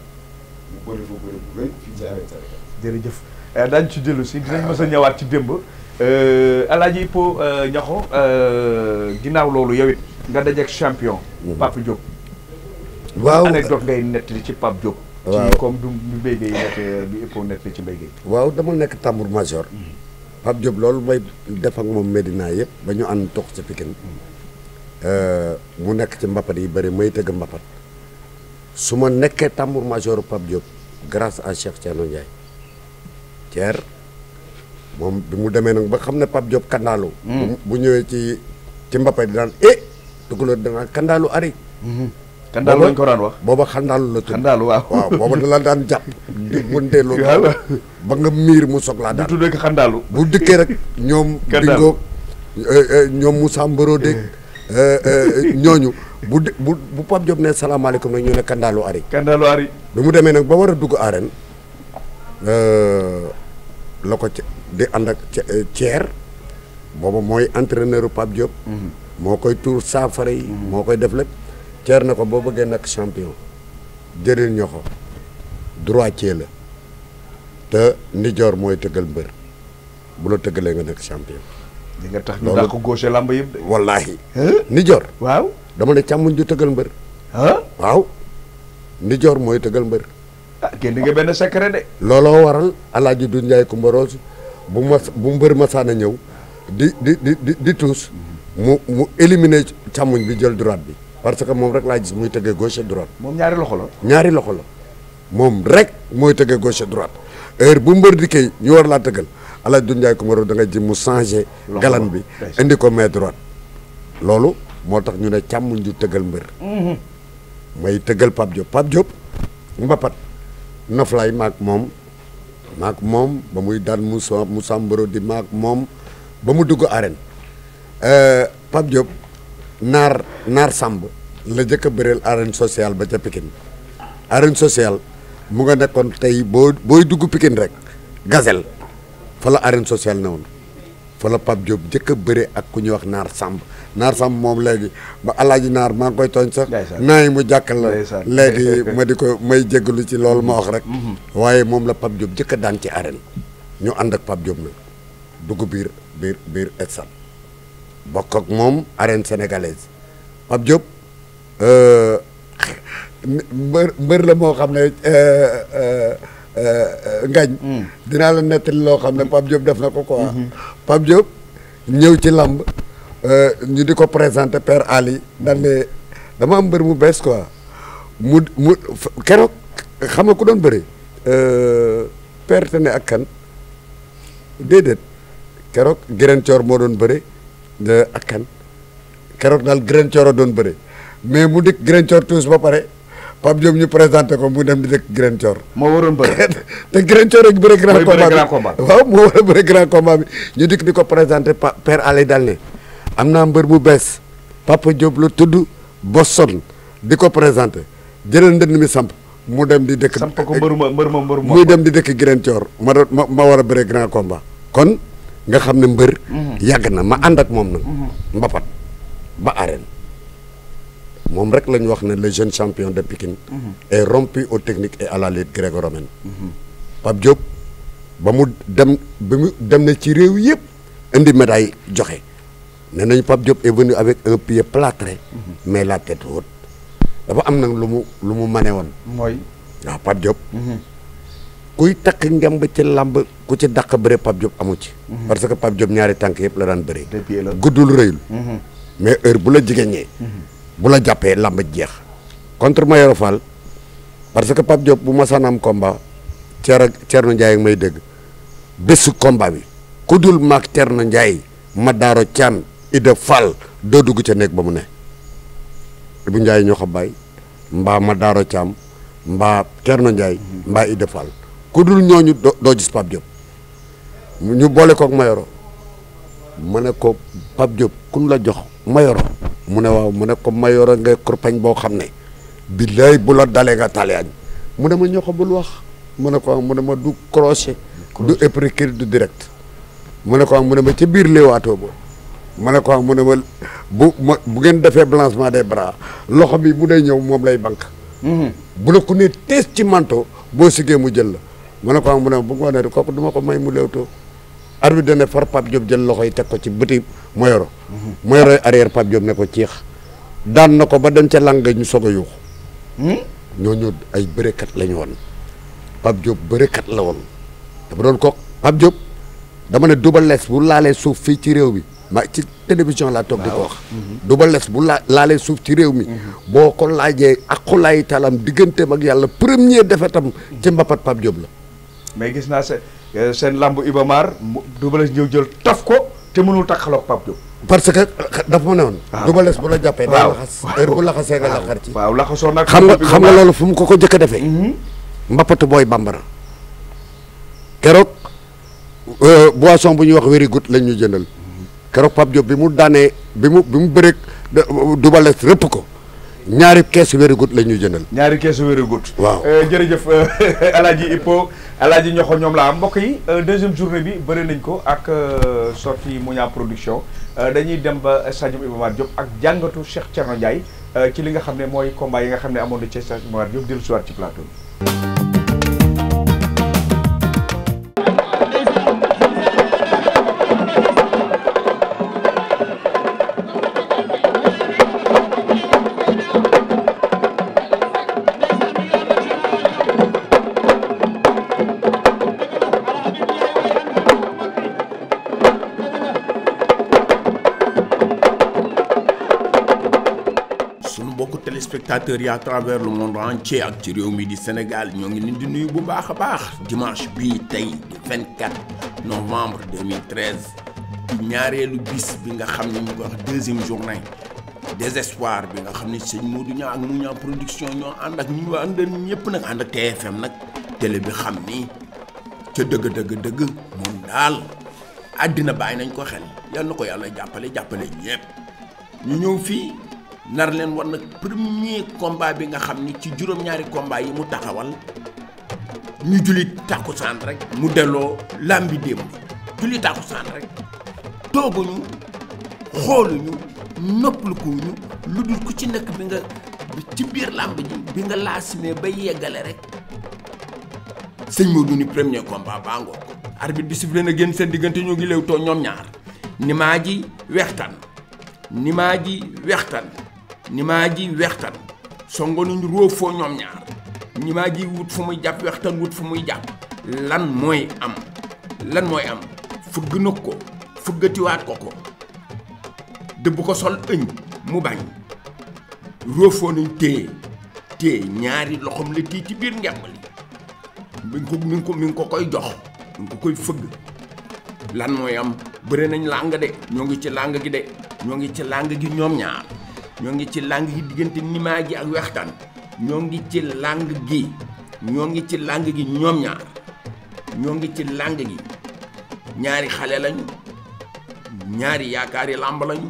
mu bëri foo bëri bu rëy fii ci arrêté Sénégal. jërëjëf eh, daañu ci dellu si dinañ ah. mës a ñëwaat ci démb. Eh, Alaaji Po eh, Niakho ginnaaw loolu yow it nga dajeeg champion. Mhm. Pape Diop. waaw anecdote ngay nettali ci Pape Diop. waaw ci comme du mbéy mi nekk bi ëppoo nettali ci mbéy waaw dama nekk tambour major. Pape Diop loolu may def ak moom Medina yëpp ba ñu ànd tox ci Pikine euh, mu nekk ci mbapat yi bari may tëgg mbapat su ma nekkee tambour major Pape Diop grace à Cheikh Thierno Ndiaye Thier moom bi mu demee nag ba xam ne Pape Diop kandaalu hmm. bu ñëwee ci ci mbapat yi daan eh tukulóor danaa kandaalu ari hmm. kandaal lañ wax booba xandaal la tudd xandaal waaw waaw booba da la daan jàpp di wëndeelu ba nga miir mu soog laa daan bu tuddee bu dikkee rek ñoom dingo eh, eh, ñoom Moussa Mboro dégg eh, ñooñu bu di bu bu Pape Diop ne salaamaaleykum nag ñu ne kandaalu ari kandaalu ari bi mu demee nag ba war a dugg arène la ko ca di ànd ak ceer booba mooy entraîneur Pape Diop mm-hmm. moo koy tuur saafara yi mm-hmm. moo koy def lépp cer na ko boo bëggee nekk champion jëril ño ko droitier la te ndijoor mooy tëggal mbër bu la tëggalee nga nekk champion. li nga tax ñu daal ko gauche làmb yëpp de. wallaahi. ndijoor. waaw dama ne càmmuñ du tëggal mbër. waaw ndijoor mooy tëggal mbër. ah kenn benn secret de. looloo waral alaaji du Njaay Kumba Rose bu ma bu mbër masaana ñëw di di di di tuus mu mu éliminer càmmuñ bi jël droite bi. parce que moom rek laa ji muy tëggee gauche droite. moom ñaari loxo la. ñaari loxo la moom rek mooy tëggee gauche droite heure bu mbër dikkee ñu war laa tëggal El Hadj Doudou Ndiaye Coumarou da ji mu changé. galan bi indi ko main droite. loolu moo tax ñu ne càmmuñ du tëggal mbër. Mhm. may tëggal Pape Diop Pape Diop mbapat noflaay maak moom maak moom ba muy daan Moussa Moussa Mboro di maak moom ba mu dugg arène euh, Pape Diop. naar naar sàmb la jëkk a bëreel arène sociale ba ca Pikine arène sociale mu nga nekkoon tey boo booy dugg Pikine rek gazel fa la arène sociale ne woon fa la Pape Diop jëkk bëre ak ku ñuy wax naar Samb naar Samb moom léegi ba allaaj naar maa ngi koy tooñ sax naa mu jàkkal la léegi ma di ko may jéggalu ci loolu ma wax rek mm-hmm. waaye moom la Pape Diop jëkk a daan ci arène ñu ànd ak Pape Diop nag dugg biir biir biir etsat bokk ak moom arène sénégalaise Pape Diop euh, mbër mbër la moo xam ne euh, euh, ngañ hmm. dinaa la nettali loo xam ne Pape Diop def na ko quoi hmm. Pape Diop ñëw ci lamb ñu di ko présenter Père Ali daan ne dama am mbër mu bees quoi mu mu keroog xam nga ku doon bëri perte ne ak kan déedéet keroog Giren Coor moo doon bëri ak kan keroog daal graine cooro doon bëre mais mu dikk graine coor tous ba pare Pape Diop ñu présenté ko mu dem di dëkk graine coor. moo waroon bëre te graine coor rek bëre grand combat bi waaw moo war a bëre ñu dikk di ko présenté pa père Alé Dalle am naa mbër mu bees Papa Diop la tudd Boston di ko présenté jëlal ndënd mi samp mu dem di dëkk. samp ko mbër ma mbër ma mbër ma muy dem di dëkk graine coor ma ma ma war a bëre grand combat kon. nga xam ne mbër. Mhm. yàgg na ma ànd ak moom nag. Mhm. mbapat ba arène. moom rek la wax ne le jeune champion de Pikine. Mhm. est rompu aux technique et à la lutte gréco ba mu dem ba mu dem na ci réew yëpp indi médaille joxe ne nañu Pape Diop est venu avec un pied plâtré. mais la tête haute. dafa am nag lu mu lu mu mane woon. mooy waaw Pape kuy takk ngemb ci lamb ku ci dàq bëre Pape Diop amu ci. Mhm. parce que Pape Diop ñaari tànk yëpp la daan bëree. guddul rëyul. Mhm. mais heure bu la jigéen ñee. Mhm. bu la jàppee làmb jeex. contre Mayoro Fall parce que Pape Diop bu ma saan am combat Thierno Thierno Ndiaye may dégg bésu combat bi ku Ndiaye Madaro Thiam Ida Fall doo dugg ca néeg ba mu ne. bu Ndiaye ñoo ko bàyyi mbaa Madaro Thiam mbaa Thierno Ndiaye mbaa Ida Fall. ku dul ñooñu doo gis Pape Diop ñu boole kook Mayoro ma ne ko Pape Diop kun la jox Mayoro mu ne waaw mu ne ko Mayoro nga kurpañ boo xam ne billaay bu la dalee nga taliyaañ mu ne ma ñoo ko bul wax mu ne ko mu ne ma du crochet du uppercut du direct mu ne ko mu ne ma ca biir léewaatoo ba mu ne ko mu ne bu ma bu ngeen defee balancement des bras loxo bi bu dee ñëw moom lay bank mhm. bu la ku ne tees ci manto boo sigee mu jël la mu ne ko am mu ne bu ngoonee kooku du ko may mu léewtoo arbitre dane far Pape Diop jël loxo yi teg ko ci bëti Mayoro Mayoro mhm. arrière Pape Diop ne ko ciix daan na ko ba dem ca langa ñu soog a ñoo hmm? ñooñu ay bërekat lañu ñu woon Pape Diop bërekat la woon dafa doon ko Pape Diop dama ne Double Less bu laalee suuf fii ci réew mi ma ci télévision laa toog di ko wax mhm. Double bu laa laalee suuf ci réew mi mhm. boo ko laajee ak xulaayi talam diggante mag yàlla premier defetam ci mbapat Pape Diop la mais gis naa seen eh, seen lamb Ibamar mu Doubalès jël taf ko te mënul taxaloog Pape Diop. parce que dafa ma ne woon. waaw ah. Doubalès bu la jàppee. waaw waaw heure bu laxasee nga laxar ci. nag. xam nga xam nga loolu fu mu ko ko jëkk a defee. Mm-hmm. mbappatu booy bambara. keroog euh, boisson bu ñuy wax wéri gut lañ ñu jëndal. Mm-hmm. keroog Pape Diop bi mu daanee bi mu bi mu bëreeg Doubalès rëpp ko. ñaari kees wéri gut la ñuy jëndal ñaari kees wéri gut waaw euh, jërëjëf alaaji Ippo alaaji ñoxo ñoom la am mbokk yi euh, deuxième journée bi bëri nañ ko ak sorti euh, sortie Mouniang production dañuy dem ba stade Iba Mar Diop ak jàngatu Cheikh Thierno Ndiaye ci li nga xam ne mooy combat yi nga xam ne amoon na ci stade Iba Mar Diop dellu si waat ci plateau bi téléspectateurs yi à travers le monde entier ak ci réew mi di Sénégal ñoo ngi leen di nuyu bu baax a baax dimanche bii tey di 24 novembre 2013 di ñaareelu bis bi nga xam ne ñu ko wax deuxième journée désespoir bi nga xam ne sëñ Modou Niang ak Mou Niang production ñoo ànd ak ñu ànd ñëpp nag ànd ak TFM nag télé bi xam ni ca dëgg dëgg dëgg moom daal àddina bàyyi nañ ko xel yal ko yàlla jàppale jàppale ñëpp ñu ñëw fii. nar leen war nag premier combat bi nga xam ni ci juróom-ñaari combat yi mu taxawal ñu julli tàkkusaan rek mu delloo làmbi démb julli tàkkusaan rek tooguñu xooluñu noppalikuñu lu dul ku ci nekk bi nga ci biir làmb ji bi nga laasimee ba yeggale rek sëñ Modou ni premier combat baa ngoog arbitre bi sifflé génn seen diggante ñoo ngi léew too ñoom ñaar nimaa ji wextaan nimaa ji wextaan Nimaji wextan songo nañ róof foo ñoom ñaar Nimaji wut fu muy jàpp wextan wut fu muy jàpp lan mooy am lan mooy am fëgg na ko fëggatiwaat ko ko dëbb ko sol ëñ mu bañ róofoo nañ téye téye ñaari loxom la téye ci biir ngemb li mi ko mi ngi ko mi ko koy jox mi ngi ko koy fëgg lan mooy am bëre nañ làng de ñoo ngi ci làng gi de ñoo ngi ci làng gi ñoom ñaar ñoo ngi ci langue gi diggante nimaa gi ak weextaan ñoo ngi ci làng gi ñoo ngi ci langue gi ñoom ñaar ñoo ngi ci làng gi ñaari xale lañu ñaari yaakaari làmb lañu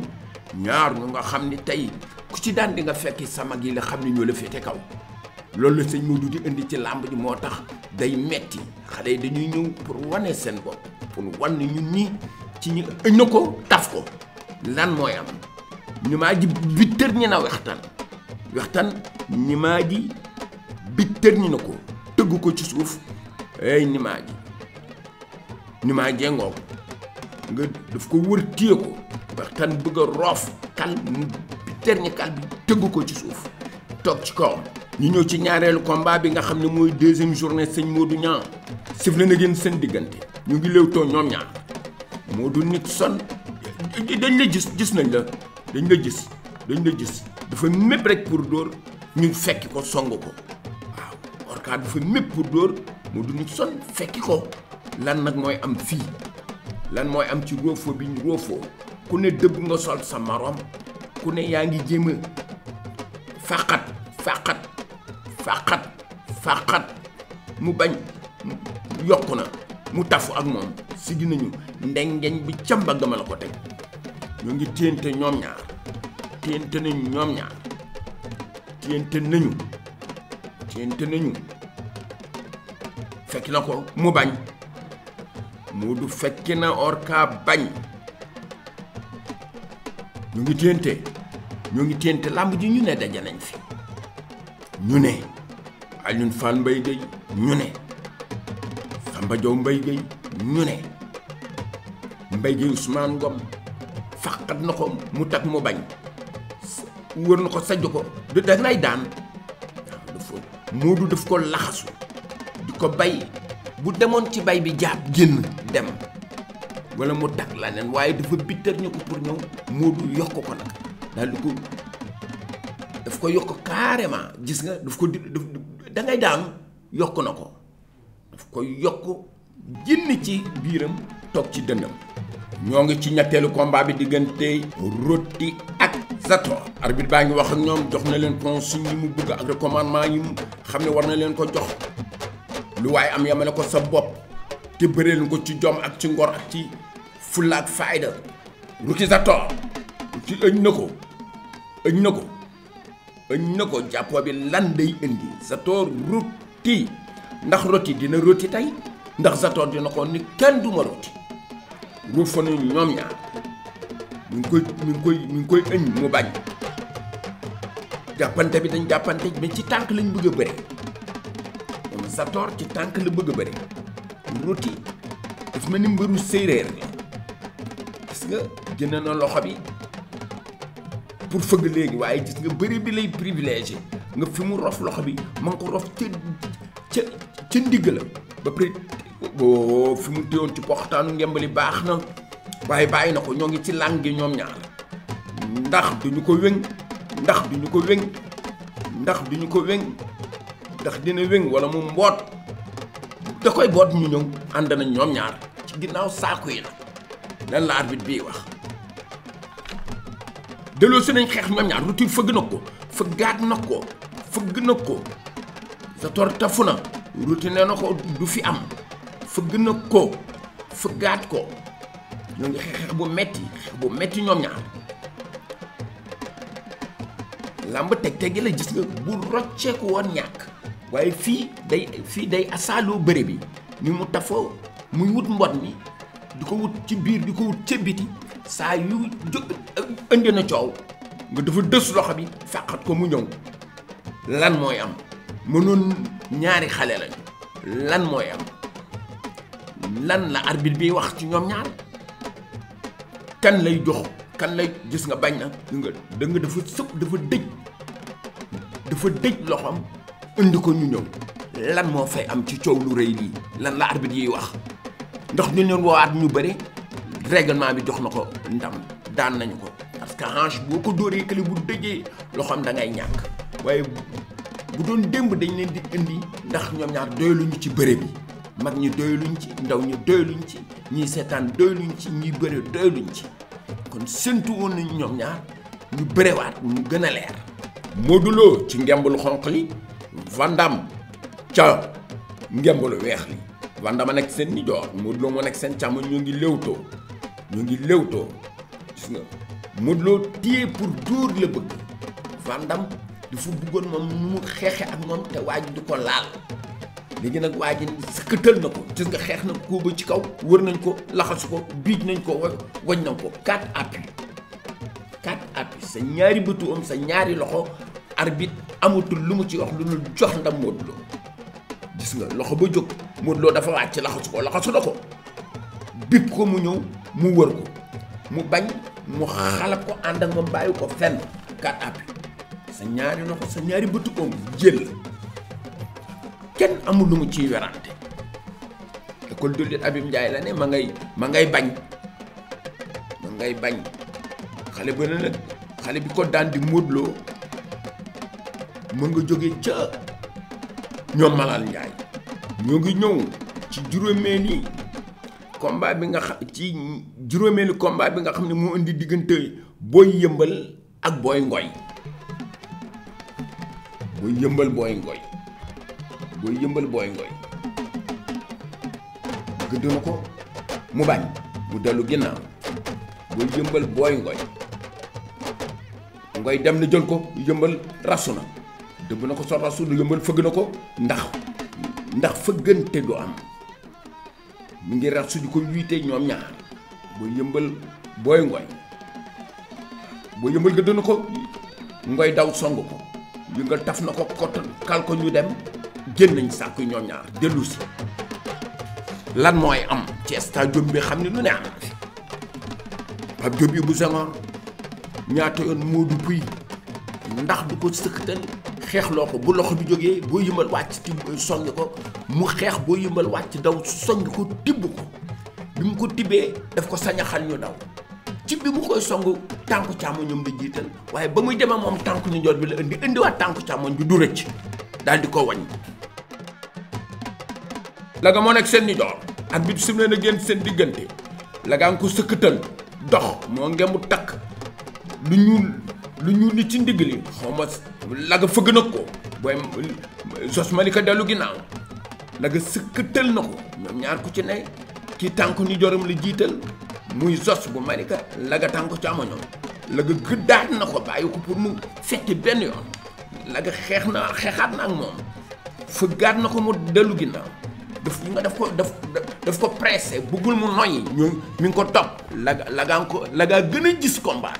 ñaar ñu nga xam ni tey ku ci daan di nga fekki sama gi la xam ne ñoo la féete kaw loolu la sëñ Modou di indi ci làmb ji moo tax day metti xale yi dañuy ñëw pour wane seen bopp pour wan ñun nii ci ñu ëñ ko taf ko lan mooy am na ñimaaji bitterñina waxtaan waxtaan ñimaaji na ko tëgg ko ci suuf ey ñimaaji ñimaajee ngoog nga daf ko wër téye ko waxtaan bëgg a roof kal bitterñi kal bi tëgg ko ci suuf toog ci kawam ñu ñëw ci ñaareelu combat bi nga xam ne mooy deuxième journée sëñ Modou Niang sifle na ngeen seen diggante ñu ngi léewtoo ñoom ñaar Modou Nixon dañ la gis gis nañ la dañ la gis dañ la gis dafa mépp rek pour dóor ñu fekki ko song ko waaw orca dafa mépp pour dóor mu duñu son fekki ko lan nag mooy am fii lan mooy am ci roofoo bi ñu roofoo ku ne dëbb nga sol sa marom ku ne yaa ngi jéem a fàqat fàqat fàqat fàqat mu bañ yokku na mu tafu ak moom si dinañu ndengeñ bi camba gama la ko teg ñoo ngi téyante ñoom ñaar téyante nañu ñoom ñaar téyante nañu fekk na ko mu bañ mu du fekki na orka bañ ñu ngi téyante ñoo ngi téyante làmb ji ñu ne daje nañ fi ñu ne Alioune Fall Mbaye Guèye ñu ne Samba Diaw Mbaye Guèye ñu ne Mbaye Guèye Ousmane Ngom faqat na ko mu tag mu bañ wër na ko sajj ko du dag lay daan waaw dafa Moodu daf ko laxasu di ko bay bu demoon ci bay bi jaab jën dem wala mu tag la nen waaye dafa bittar ñu ko pour ñëw Moodu yokk ko nag daal di ko daf ko yokk carrément gis nga daf ko di daf da ngay yokk na ko daf ko yokk jën ci biiram toog ci dëndam ñoo ngi ci ñetteelu combat bi diggante Roty ak Zator arbitre baa ngi wax ak ñoom jox na leen consigne yi mu bëgg ak recommandement yi mu xam ne war na leen ko jox lu waaye am yamale ko sa bopp te bëreelu ko ci jom ak ci ngor ak ci fulla ak fayda Roty Zator ci ëñ na ko ëñ na ko ëñ na ko jàppoo bi lan day indi Zator Roty ndax Roty dina Roty tey ndax Zator dina ko ni kenn duma Roty ruufanu ñoom ñaar mi ngi koy mi ngi koy mi ngi koy ëñ mu bañ jàppante bi dañ jàppante mais ci tànk lañ bëgg a bëri moom Zator ci tànk la bëgg a bëri Ruuti mel ni mbëru séeréer la gis nga jënd na loxo bi pour fëgg léegi waaye gis nga bëri bi lay privilégié nga fi mu rof loxo bi ma ngi ko rof ca ca ndigg la ba pare boo fi mu téyoon ci poxtaanu ngembali baax na waaye bàyyi na ko ñoo ngi ci làng gi ñoom ñaar ndax duñu ko wéng ndax duñu ko wéng ndax duñu ko wéng ndax dina wéng wala mu mboot da koy boot ñu ñëw ànd nañ ñoom ñaar ci ginnaaw saaku yi la lan la arbitre bii wax delloo si nañ xeex ñoom ñaar rutur fëgg na ko fëggaat na ko fëgg na ko sa tor na ruti nee na ko du fi am fëgg na ko fëggaat ko ñoo ngi xeex xeex bu metti xeex bu metti ñoom ñaar làmb teg tegi la gis nga bu rocceeku woon ñàkk waaye fii day fii day asaaloo bëre bi ni mu tafoo muy wut mbot mi di ko wut ci biir di ko wut ca biti saa yu jóg indi na coow nga dafa dës loxo bi fàqat ko mu ñëw lan mooy am mënoon ñaari xale lañu lan mooy am lan la arbitre bi wax ci ñoom ñaar kan lay jox kan lay gis nga bañ na nga da nga dafa sëpp dafa dëj dafa dëj loxoom indi ko ñu ñëw lan moo fay am ci coow lu rëy lii lan la arbitre yiy wax ndax ñu leen woowaat ñu bëri règlement bi jox na ko ndam daan nañu ko parce que hanche boo ko dóoree kële bu dëjee loxoom da ngay ñàkk waaye bu doon démb dañ leen di indi ndax ñoom ñaar doyluñu ci bëre bi mag ñu doyluñ ci ndaw ñu doyluñ ci ñiy seetaan doyluñ ci ñiy bëre doyluñ ci kon séntu woon nañ ñoom ñaar ñu bërewaat ñu gën a leer. Modou Lo ci ngembul xonq li Van Damme ca ngembul weex li Van Damme a nekk seen nijoor Modou Lo moo nekk seen càmm ñu ngi léwtoo ñoo ngi léwtoo gis nga Modou Lo téye pour dóor la bëgg Van Damme dafa bëggoon moom nu mu xeexe ak moom te waaj du ko laal. léegi nag waa ji sëkkatal na ko gis nga xeex na ko ci kaw wër nañ ko laxasu ko biij nañ ko wañ na ko quatre appui quatre appui sa ñaari bëtu am sa ñaari loxo arbitre amatul lu mu ci wax lu nu jox ndam Modou Lo gis nga loxo ba jóg Modou Lo dafa wàcc laxasu ko laxasu na ko ko mu ñëw mu wër ko mu bañ mu xalab ko ànd ak moom bàyyi ko fenn quatre appui sa ñaari loxo sa ñaari bëtu om jël kenn amul lu mu ciy werante école de lutte Habib la ne ma ngay ma ngay bañ ma ngay bañ xale bi ko daan di móodloo mën nga jóge ca ñoom Malal Ndiaye ñoo ngi ñëw ci juróomeeli combat bi nga xam ci juróomeeli combat bi nga xam ni moo indi diggante booy yëmbal ak booy ngoy booy yëmbal booy ngoy booy yëmbal booy ngooy gëdd na ko mu bañ mu dellu ginnaaw booy yëmbal booy ngooy ngooy dem na jël ko yëmbal rasu na dëbb na ko so rasu na yëmbal fëgg na ko ndax ndax fëggante du am mi ngi rasu di ko wiite ñoom ñaar booy yëmbal booy ngooy booy yëmbal gëdd na ko ngooy daw song ko yëngal taf na ko kott kal ko ñu dem génn nañ sàkku ñoom ñaar dellu si lan mooy am ci stade Diop bi xam ne lu ne am na fi bu Senghor ñaata yoon Modou Pouy ndax du ko sëkkatal xeexloo ko bu loxo bi jógee boo yëmbal wàcc tibb soññ ko mu xeex boo yëmbal wàcc daw soññ ko tibb ko bi mu ko tibbee daf ko sañaxal ñu daw ci bi mu koy song tànku càmmoñ ñoom la jiital waaye ba muy demee moom tànku ñu njoot bi la indi indiwaat tànku càmmoñ bi du rëcc daal di ko wañ la nga moo ak seen nijoor ak bi sib leen a génn seen diggante la nga ko sëkkatal dox moo ngemu takk lu ñuul lu ñuul li ci ndigg li xaw ma la nga fëgg na ko booy Zos Malika dellu ginnaaw la nga sëkkatal na ko ñoom ñaar ku ci ne kii tànku nijooram la jiital muy Zos bu Malika la nga tànku càmmoñam la nga gëddaat na ko bàyyi ko pour mu fetti benn yoon la nga xeex na xeexaat na ak moom fëggaat na ko mu dellu ginnaaw. daf nga daf ko daf daf ko pressé bëggul mu noyyi ñu mi ngi ko topp la lagaa ko lagaa gën a gis combat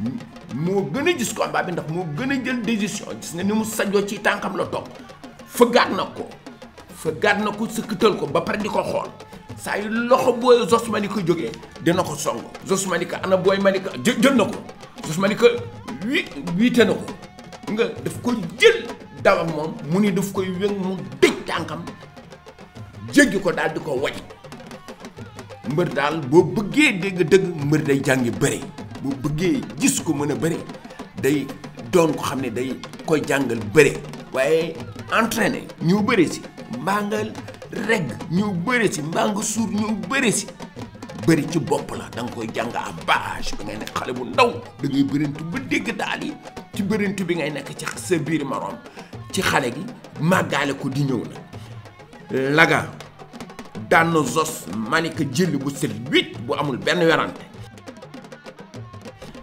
bi moo gën a gis combat bi ndax moo gën a jël décision gis nga ni mu sajoo ci tànkam la topp fëggaat na ko fëggaat na ko sëkkatal ko ba pare di ko xool saa yu loxo booy Zos Malika jógee dina ko song Zos Malika ana booy Malika jë jël na ko Zos Malika wi wiite na ko nga daf ko jël daw moom mu ni daf koy wéng mu dëj tànkam jéggi ko daal di ko waj mbër daal boo bëggee dégg dëgg mbër day jàngi bëri boo bëggee gis ko mën a bëri day doon ko xam ne day koy jàngal bëri waaye entraîné ñu bëri si mbaa nga regg ñu bëri si mbaa nga suur ñu bëri si bëri ci bopp la da koy jàng am bâche bi ngay nekk xale bu ndaw da ngay bërintu ba dégg daal yi ci bërintu bi ngay nekk ci sa biir marom ci xale gi màggaale ko di ñëw na Laga daan na Zos Malika jël bu set huit bu amul benn werante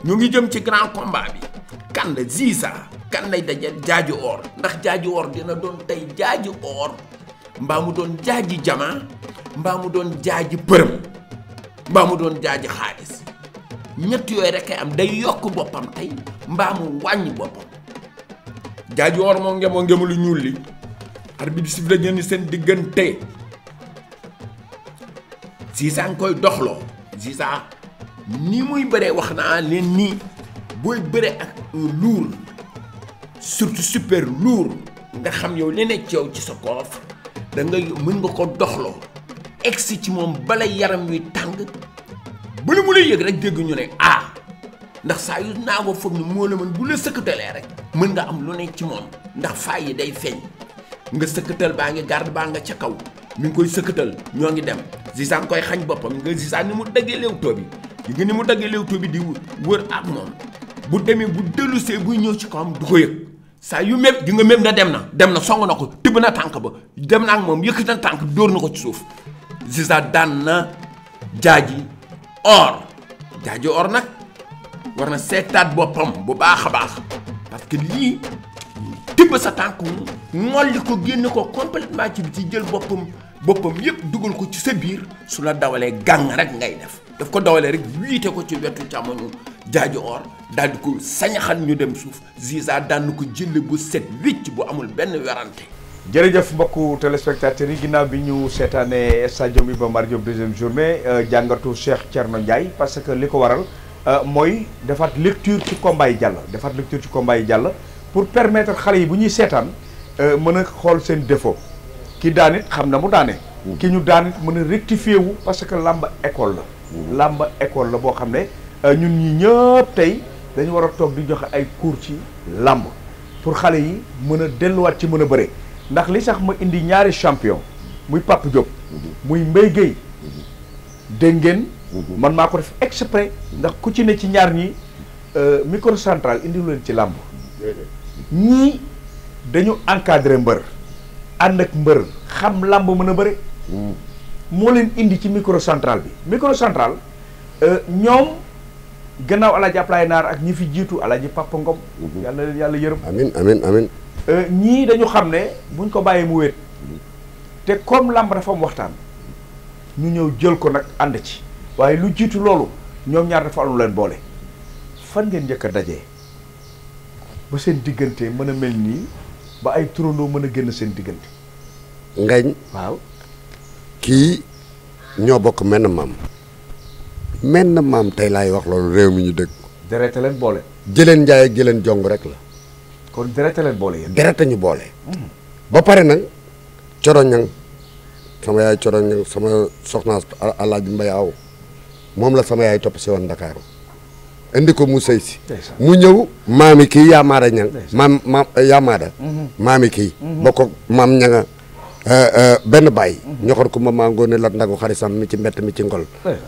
ñu ngi jëm ci grand combat bi kan la Ziza kan lay dajal jaaji or ndax jaaji or dina doon tey jaaji or mbaa mu doon jaaji jama mbaa mu doon jaaji përëm mbaa mu doon jaaji xaalis ñett yooyu rek ay am day yokk boppam tey mbaa mu wàññi boppam jaaji or moom ngemoo ngemu lu ñuul li arbitre bi sifflé ngeen ni seen diggante Ziza nga koy doxloo Ziza ni muy bëree wax naa leen nii booy bëree ak un lourd surtout super lourd nga xam yow li nekk ci yow ci sa koof da mën nga ko doxloo egsi ci moom bala yaram wi tàng ba lu mu lay yëg rek dégg ñu ne ah ndax saa yu naagoo foog ni moo la mën bu la sëkkatalee rek mën nga am lu ne ci moom ndax faay yi day feeñ nga sëkkatal baa ngi garde baa nga ca kaw mi ngi koy sëkkatal ñoo ngi dem zizaan koy xañ boppam nga zizaan ni mu daggee léewtoo bi yi nga ni mu daggee léewtoo bi di wër ak moom bu demee bu dellusee buy ñëw ci kawam du ko yëg saa yu mépp di nga mépp na dem na dem na song na ko tibb na tànk ba dem na ak moom yëkk na tànk dóor na ko ci suuf ziza daan na jaaji or jaaji or nag war na seetaat boppam bu baax a baax parce que lii tibb sa tànk molli ko génne ko complètement ci bi ci jël boppam boppam yëpp dugal ko ci sa biir su la dawalee gàng rek ngay def daf ko dawalee rek wiite ko ci wetu càmmoñu jaaji or daal di ko sañaxan ñu dem suuf Ziza daan ko jël bu set wicc bu amul benn werante jërëjëf mbokku téléspectateurs yi ginnaaw bi ñu seetaanee stade Iba Mar Diop deuxième journée euh, jàngatu Cheikh Thierno Ndiaye parce que li ko waral euh, mooy defaat lecture ci combat yi jàll defaat lecture ci combat pour permettre xale yi bu ñuy seetaan euh, mën a xool seen défaut ki daanit xam na mu daane mmh. ki ñu daanit mën a rectifier wu parce que làmba école la mmh. làmba école la boo xam ne euh, ñun ñi ñëpp tey dañu war a toog di joxe ay cours ci làmb pour xale yi mën a delluwaat ci mën a bëre ndax li sax ma indi ñaari champion muy papp Diop mmh. muy Mbaye Guèye dégg ngeen man maa ko def exprès ndax ku ci ne ci ñaar ñi euh, microcentral indi leen ci làmb ñii dañu encadré mbër ànd ak mbër xam làmb mën a bëre hmm. moo leen indi ci micro central bi micro central euh, ñoom gannaaw alaaji Ablaye Naar ak ñi fi jiitu alaaji Papa Ngom hmm. yàlla leen yàlla yërëm amin amin amin euh, ñii dañu xam ne buñ ko bàyyee mu wéet hmm. te comme làmb dafa am waxtaan ñu ñëw jël ko nag ànd ci waaye lu jiitu loolu ñoom ñaar dafa am leen boole fan ngeen njëkk a dajee ba seen diggante mën a mel nii ba ay turandoo mën a génn seen diggante. ngañ. waaw kii ñoo bokk menn maam. menn maam tey laay wax loolu réew mi ñu dëkk. derete boole. jëleen njaay ak jëleen jong rek la. kon derete leen boole yéen. derete ñu boole. Hmm. ba pare nag coroñang sama yaay coroñang sama soxnaas Alaaji Mbay Aw moom la sama yaay topp si woon Ndakaaru indi ko mu sëy si mu ñëw maami kii yaamaara ñang maam maam eh, yaamaara mhm. maami kii mhm. eh, eh, ba ko maam ñanga benn bàyyi ñoxor ku ma maa ngoone lat ndagu xarisam mi ci mbett mi ci ngol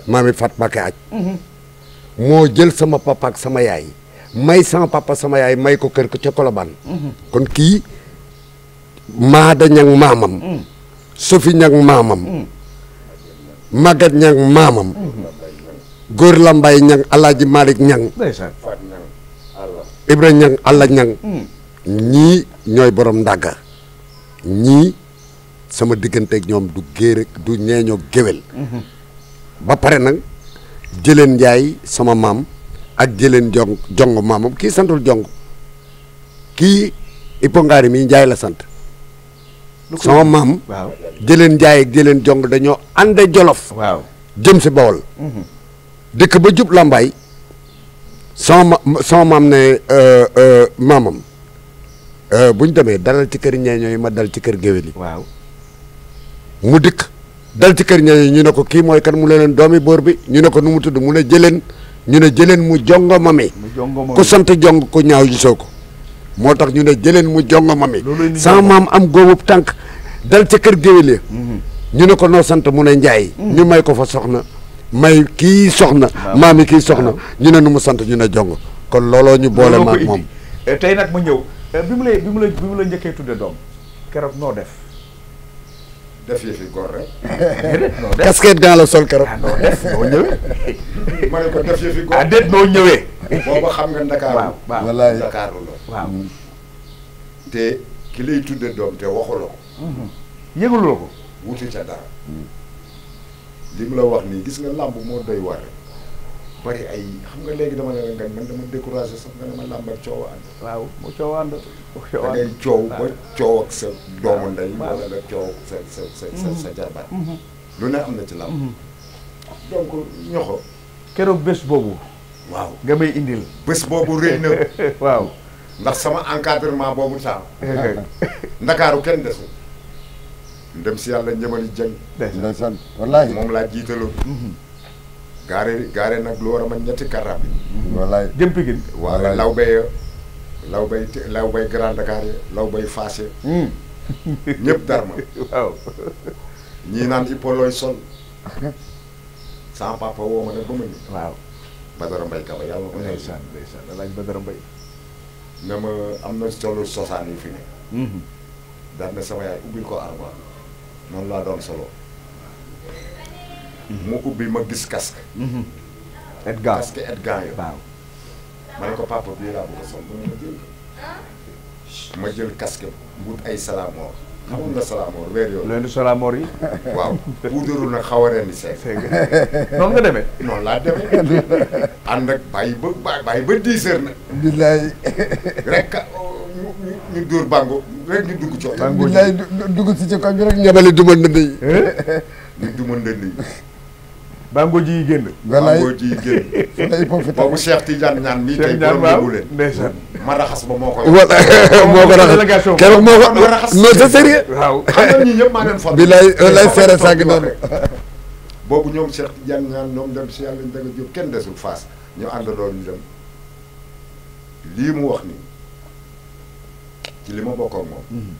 maami fat bakke aj mhm. moo jël sama papa ak sama yaay may sama papa sama yaay may ko kër ko ca Colobane kon kii maada ñang maamam sofi ñang maamam magat ñang maamam góor lambay ñang alaaji Malick ñang ibra hmm. ñii ñooy borom ndàgga ñii sama digganteeg ñoom du géer du ñeeñoo géwél mhm. ba pare nag jëleen njaay sama maam ak jëleen jong jong maamam kii santul jong kii ipongaari mi njaay la sant sama maam jëleen njaay ak jëleen jong dañoo ànd jolof jëm si bawol mhm. dëkk ba jub làmbaay sama sama maam ne euh, euh, maamam euh, buñ ñu demee dalal ci kër ñeeñoo yi ma dal ci kër géwél yi waaw mu dikk dal ci kër ñeeñoo ñu ne ko kii mooy kan mu ne doom yi boor bi ñu ne ko nu mu tudd mu ne jëleen ñu ne jëleen mu jongo mame ku sant jong ku ñaaw gisoo ko moo tax ñu ne jëleen mu jongo mame sama maam am góobub tànk dal ci kër géwél mm-hmm. ñu ne ko noo sant mu ne njaay mm-hmm. ñu may ko fa soxna may kii soxna. maami kii soxna ñu ne nu mu sant ñu ne jong kon looloo ñu boole ma moom eh, tey nag ma ñëw eh, bi mu lay bi mu la njëkkee tudde doom keroog noo def. def yëfi góor rek. déedéet casquette dans sol keroog. ah noo ñëwee. ma ko def yëfi góor ah déet noo ñëwee. booba xam nga Ndakaaru. waaw la. waaw. te ki lay tudde doom te waxuloo ko. Mm-hmm. yëguloo ko. wuti ca dara. Mm. li mu la wax nii gis nga làmb moo doy waar bari ay xam nga léegi dama ne la nga man dama découragé sax nga ne ma làmb ak coow ànd. waaw mu coow ànd. da ngay coow ba coow ak sa doomu ndey. wala nga coow ak sa sa sa mm-hmm. Mm-hmm. lu ne am na ci làmb. Mm-hmm. donc ñoxo keroog bés boobu. waaw nga may indil. bés boobu rëy na. waaw ndax sama encadrement boobu taal. ndakaaru kenn desul. ndem si yàlla njamali jëng ndeysaan wallaahi moom laa jiitaloon mm-hmm. gaare gaare nag lu war a man ñetti karab bi mm-hmm. wallaahi jëm Pikine waaw law bay law bay law bay Grand Dakar law bay Fass mm. ñëpp darma waaw ñii naan ipolooy sol sama papa woo ma ne ba ma ni waaw Badara Mbaye Kaba yàlla ma ko ndeysaan ndeysaan alaaj Badara ma am na solo sosaan yi fi ne mm-hmm. daan na sama yaay ubbil ko armoire noonu laa doon solo mu ubbi ma gis casque mhm. Edgar casque Edgar yo ma ne ko papa bii laa bëgg a sol ma jël ma jël ay salaamoor xamul nga salaamoor weer yoon leen salaamoor yi waaw puudarul nag xaw di seet noonu nga demee noonu laa demee ànd ak bàyyi ba bàyyi ba dix heures nag billaay rek ñu dóor bàngo rek ñu dugg coono. bàngo ji dugg ci koñ bi rek ñebale duma ndënd yi. ñu duma ndënd yi. bàngo ji yi génn. bàngo ji yi génn. day profité boobu Cheikh Tidiane ñaan mii tey borom yëguleen. ndeysaan ma bi lay lay seere sàgg noonu. boobu ñoom Cheikh Tidiane ñaan ñoom dem si yàlla ñu danga jóg kenn desul faas ñu àndandoo ñu dem lii mu wax nii. ci li ma bokk moom. Mm-hmm.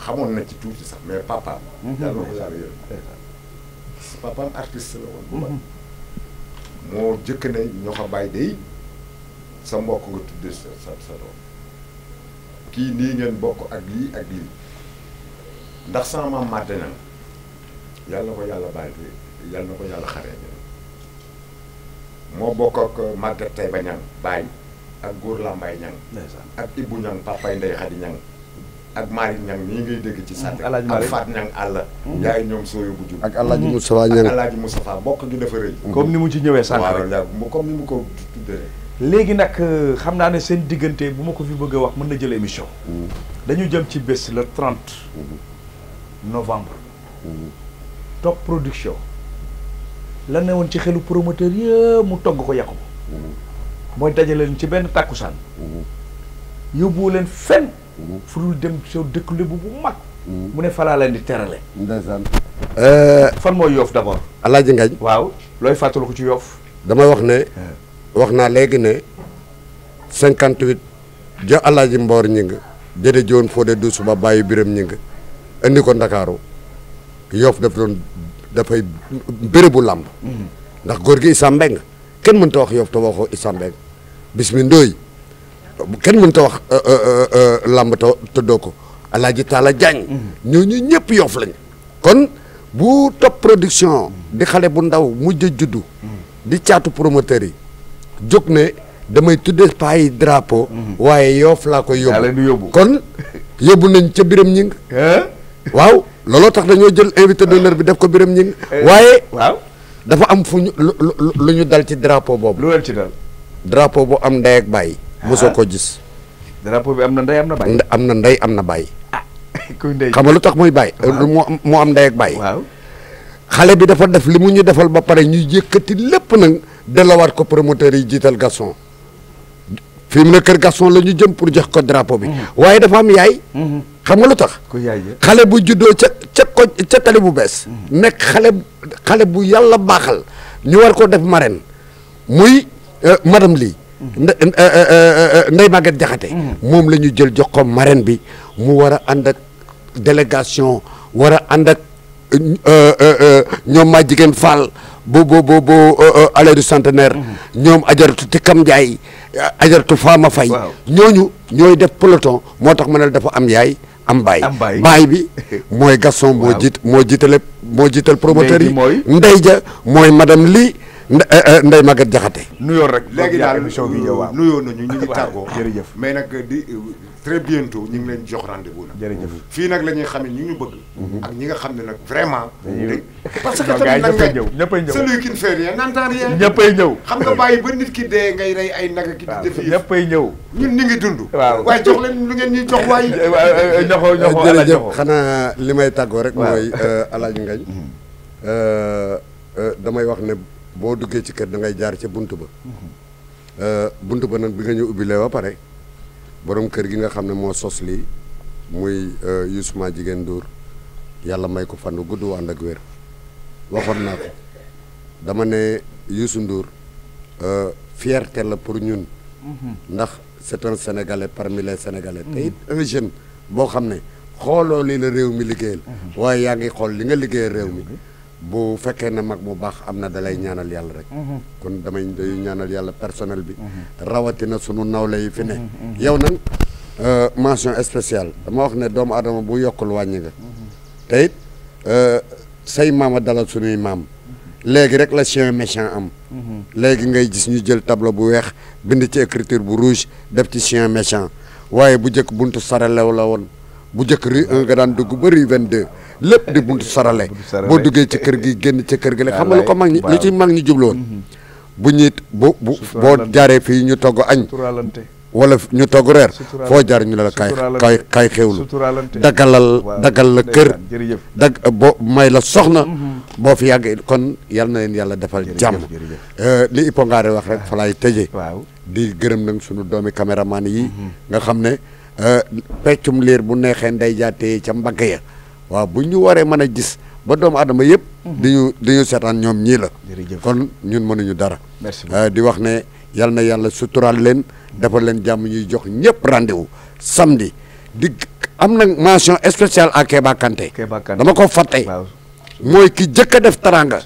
xamoon na ci tuuti sax mais papaam. Mm-hmm. yàlla na ko yàlla yërëm. papaam artiste la woon. bu baax mm-hmm. moo jëkk ne ñoo ko bàyyi sa mbokk nga tuddee sa sa doom kii nii ngeen bokk ak lii ak lii ndax sama maam màdde yàlla na ko yàlla bàyyi yàlla ko yàlla xaree moo bokk ak màggat tey bañaan bàyyi. ak góor làmbaay ñang ak ibbu ñang papay ndey xadi ñang ak Malick Niang ñu ngay dégg ci sàtte ak Faat Niang àll yaay ñoom sooyo bu jub ak Alaaji hmm. Moustapha Niang ak Alaaji Moustapha bokk gi dafa rëy hmm. comme ni mu ci ñëwee sànq rek comme ni mu ko tuddee léegi nag euh, xam naa ne seen diggante bu ma ko fi bëgg a wax mën na jël émission hmm. dañu jëm ci bés le 30 novembre top production lan ne woon ci xelu promoteur yëpp mu togg ko yàqu mooy dajale ci benn tàkkusaan yóbbuwu leen fenn fu dul dem soo dëkk lébu bu mag mu ne falaa di terale ndeysaan eh, fan mooy yoof d'abord alaaji ngañ waaw looy fàttali ci yoof damay wax ne eh. wax naa léegi ne cinquante huit jo alaaji mboor ñi nga joon foo de du suba bàyyi biram ñi indi ko ndakaaru yoof daf doon dafay bérébu làmb mm-hmm. ndax góor gi Issa Mbeng kenn mënta wax yoof te waxoo Issa Mbeng bismi ndooy kenn mënut a wax euh, euh, euh, làmb te tëddoo ko alaaji taala jaañ mm-hmm. ñooñu ñëpp yoof lañ kon bu top production di xale bu ndaw mujj a juddu mm-hmm. di caatu promoteur yi jóg ne damay tudde paa drapo mm-hmm. waaye yoof laa koy yóbbu kon yóbbu nañ ca biram ñing waaw looloo tax dañoo jël invité d'honneur bi def ko biram ñing eh, waaye waaw dafa am fu ñu lu ñu dal ci drapo boobu lu ci dal drapeau bu am ndey ak bàyyi. mosoo ah. ko gis. drapeau bi am na ndey am na bàyyi. am na ndey am na bàyyi. Ah, xam nga lu tax muy bàyyi. moo am moo am ndey ak bàyyi. xale bi dafa def li mu ñu defal ba pare ñuy yëkkati lépp nag delawaat ko promoteur yi jiital Gaston. fii mu ne kër Gaston la ñu jëm pour jox ko drapeau bi. Mhm. waaye dafa am yaay. Mhm. xam nga lu tax. xale bu juddoo ca ca ko ca tali bu bees. Mhm. nekk xale xale bu yàlla baaxal ñu war ko def marraine muy. Euh, madame lii euh, euh, Ndeye Maguette Diakhaté moom la ñu jël jox ko bi mu war a ànd ak délégation war a ànd ak ñoom maa jigéen Fall bu bu bu bu allée du centenaire ñoom ajaratu Tikam Ndiaye ajaratu Fama Faye ñooñu ñooy def peloton moo tax ma ne dafa am yaay am baay baay bi mooy Gaston moo jiit moo jiitale moo jiital promoteur yi ndey ja mooy madame lii Eh, eh, Ndeye Maguette Diakhaté. nuyoo rek léegi daal émission bi ñëw waaw nuyoo nañu ñu ngi tàggoo jërëjëf mais nag di très bientôt ñu ngi leen jox rendez-vous nag. fii nag la ñuy xam ne ñu ñu mhm. ñi nga xam ne nag vraiment. parce que tamit nag mais ñëppay ñëw celui qui ne fait rien n'entend rien. ñëppay ñëw xam nga bàyyi ba nit ki dee ngay rey ay nag ki di ñëw. ñun ñu ngi dund. waaw waaye jox leen lu ngeen ñuy jox waay. Eh, ñoxo ñoxo ala ñoxo xanaa li may tàggoo rek. mooy euh, Alaaji Ngañ euh, euh, damay wax ne boo duggee ci kër da ngay jaar ca bunt ba euh, bunt ba nag bi nga ñëw ubbilee ba pare borom kër gi nga xam ne moo sos lii muy euh, Youssouma Jigéen Ndour yàlla may ko fan gudd ànd ak wér waxoon naa ko dama ne Youssou Ndour euh, fierté la pour ñun ndax c'est un sénégalais parmi les sénégalais te jeune boo xam ne xooloo lii la réew mi liggéeyal mm-hmm. waaye yaa ngi xool li nga liggéey réew mi mm-hmm. bu fekkee ne mag mu baax am na dalay ñaanal yàlla rek mhm. kon damay ñaanal yàlla personnel bi mhm. rawatina sunu nawle yi fi ne mhm, yow nag euh, mention spéciale dama wax ne doomu aadama bu yokkul wàññi nga te it euh, say maama dalal sunuy maam léegi rek la chien méchant am léegi ngay gis ñu jël tableau bu weex bind ci écriture bu rouge def ci chien méchant waaye bu njëkk buntu saralew la woon bu njëkk rue 1 nga daan dugg ba rue 22 lépp di buntu sarale boo duggee ci kër gi génn ci kër gi la xam nga lu ko mag ñi lu ci mag ñi jubloon mhm. bu ñuy bu bu boo jaaree fii ñu togg añ wala ñu togg reer foo jaar ñu ne la kay kay kay xewlu dagalal dagal la kër dag boo may la soxna mhm. boo fi yàgg kon yal na leen yàlla defal jàmm euh, li Ipo Ngaare wax rek fa laay tëjee di gërëm nag suñu doomi caméraman yi mhm. nga xam ne euh, peccum liir bu neexee nday jaatee ca mbagg ya waaw bu ñu waree mën a gis ba doomu aadama yëpp. Mhm. di ñu di ñu seetaan ñoom ñii la. kon ñun mënuñu dara. Eh, di wax ne yal na yàlla suturaal leen defal leen jàmm ñuy jox ñëpp rendez-vous samedi di am na mention spéciale à Kéba Kanté. dama ko fàtte. mooy ki jëkk a def taranga.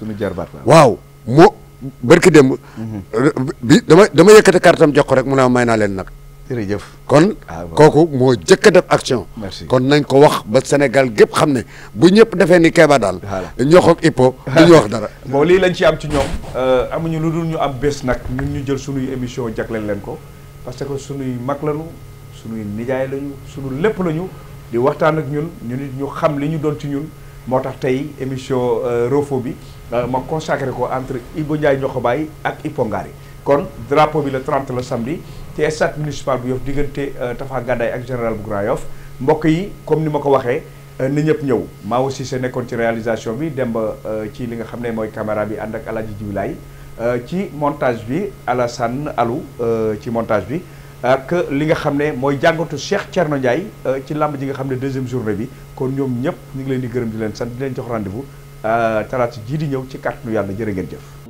waaw moo barki démb. Mhm. bi dama dama yëkkati kartam jox ko rek mu ne may naa leen nag. jërëjëf kon ah, kooku moo jëkk a def action. kon nañ ko wax ba Sénégal gépp xam ne bu ñëpp defee ni Keba daal. ñox ak Hippo du ñu wax dara. moo lii lañ ci am ci ñoom euh, amuñu lu dul ñu am bés nag ñun ñu jël sunuy émission jagleel leen ko parce que sunuy mag lañu sunuy nijaay lañu sunu lépp lañu di waxtaan ak ñun ñu nit ñu xam li ñu doon ci ñun moo tax tey émission euh, Roffo bi euh, ma consacré ko entre Ibo Ndiaye Niokhobaye ak Hippo Ngary kon drapeau bi le 30 la samedi. ci stade municipal bu Yoff diggante euh, Tafa Gàddaay ak général bu Grand Yoff mbokk yi comme ni ma ko waxee euh, na ñëpp ñëw maa aussi sa nekkoon ci réalisation bi dem ba euh, ci li nga xam ne mooy caméra bi ànd ak El Hadji Djibilaay ci montage bi ala Alassane Alou ci montage bi ak li nga xam ne mooy jàngatu Cheikh Thierno Ndiaye ci làmb ji nga xam ne deuxième journée bi kon ñoom ñëpp ñu ngi leen di gërëm di leen sant di leen jox rendez-vous talaata jii di ñëw ci kàttanu yàlla jërë ngeen jëf.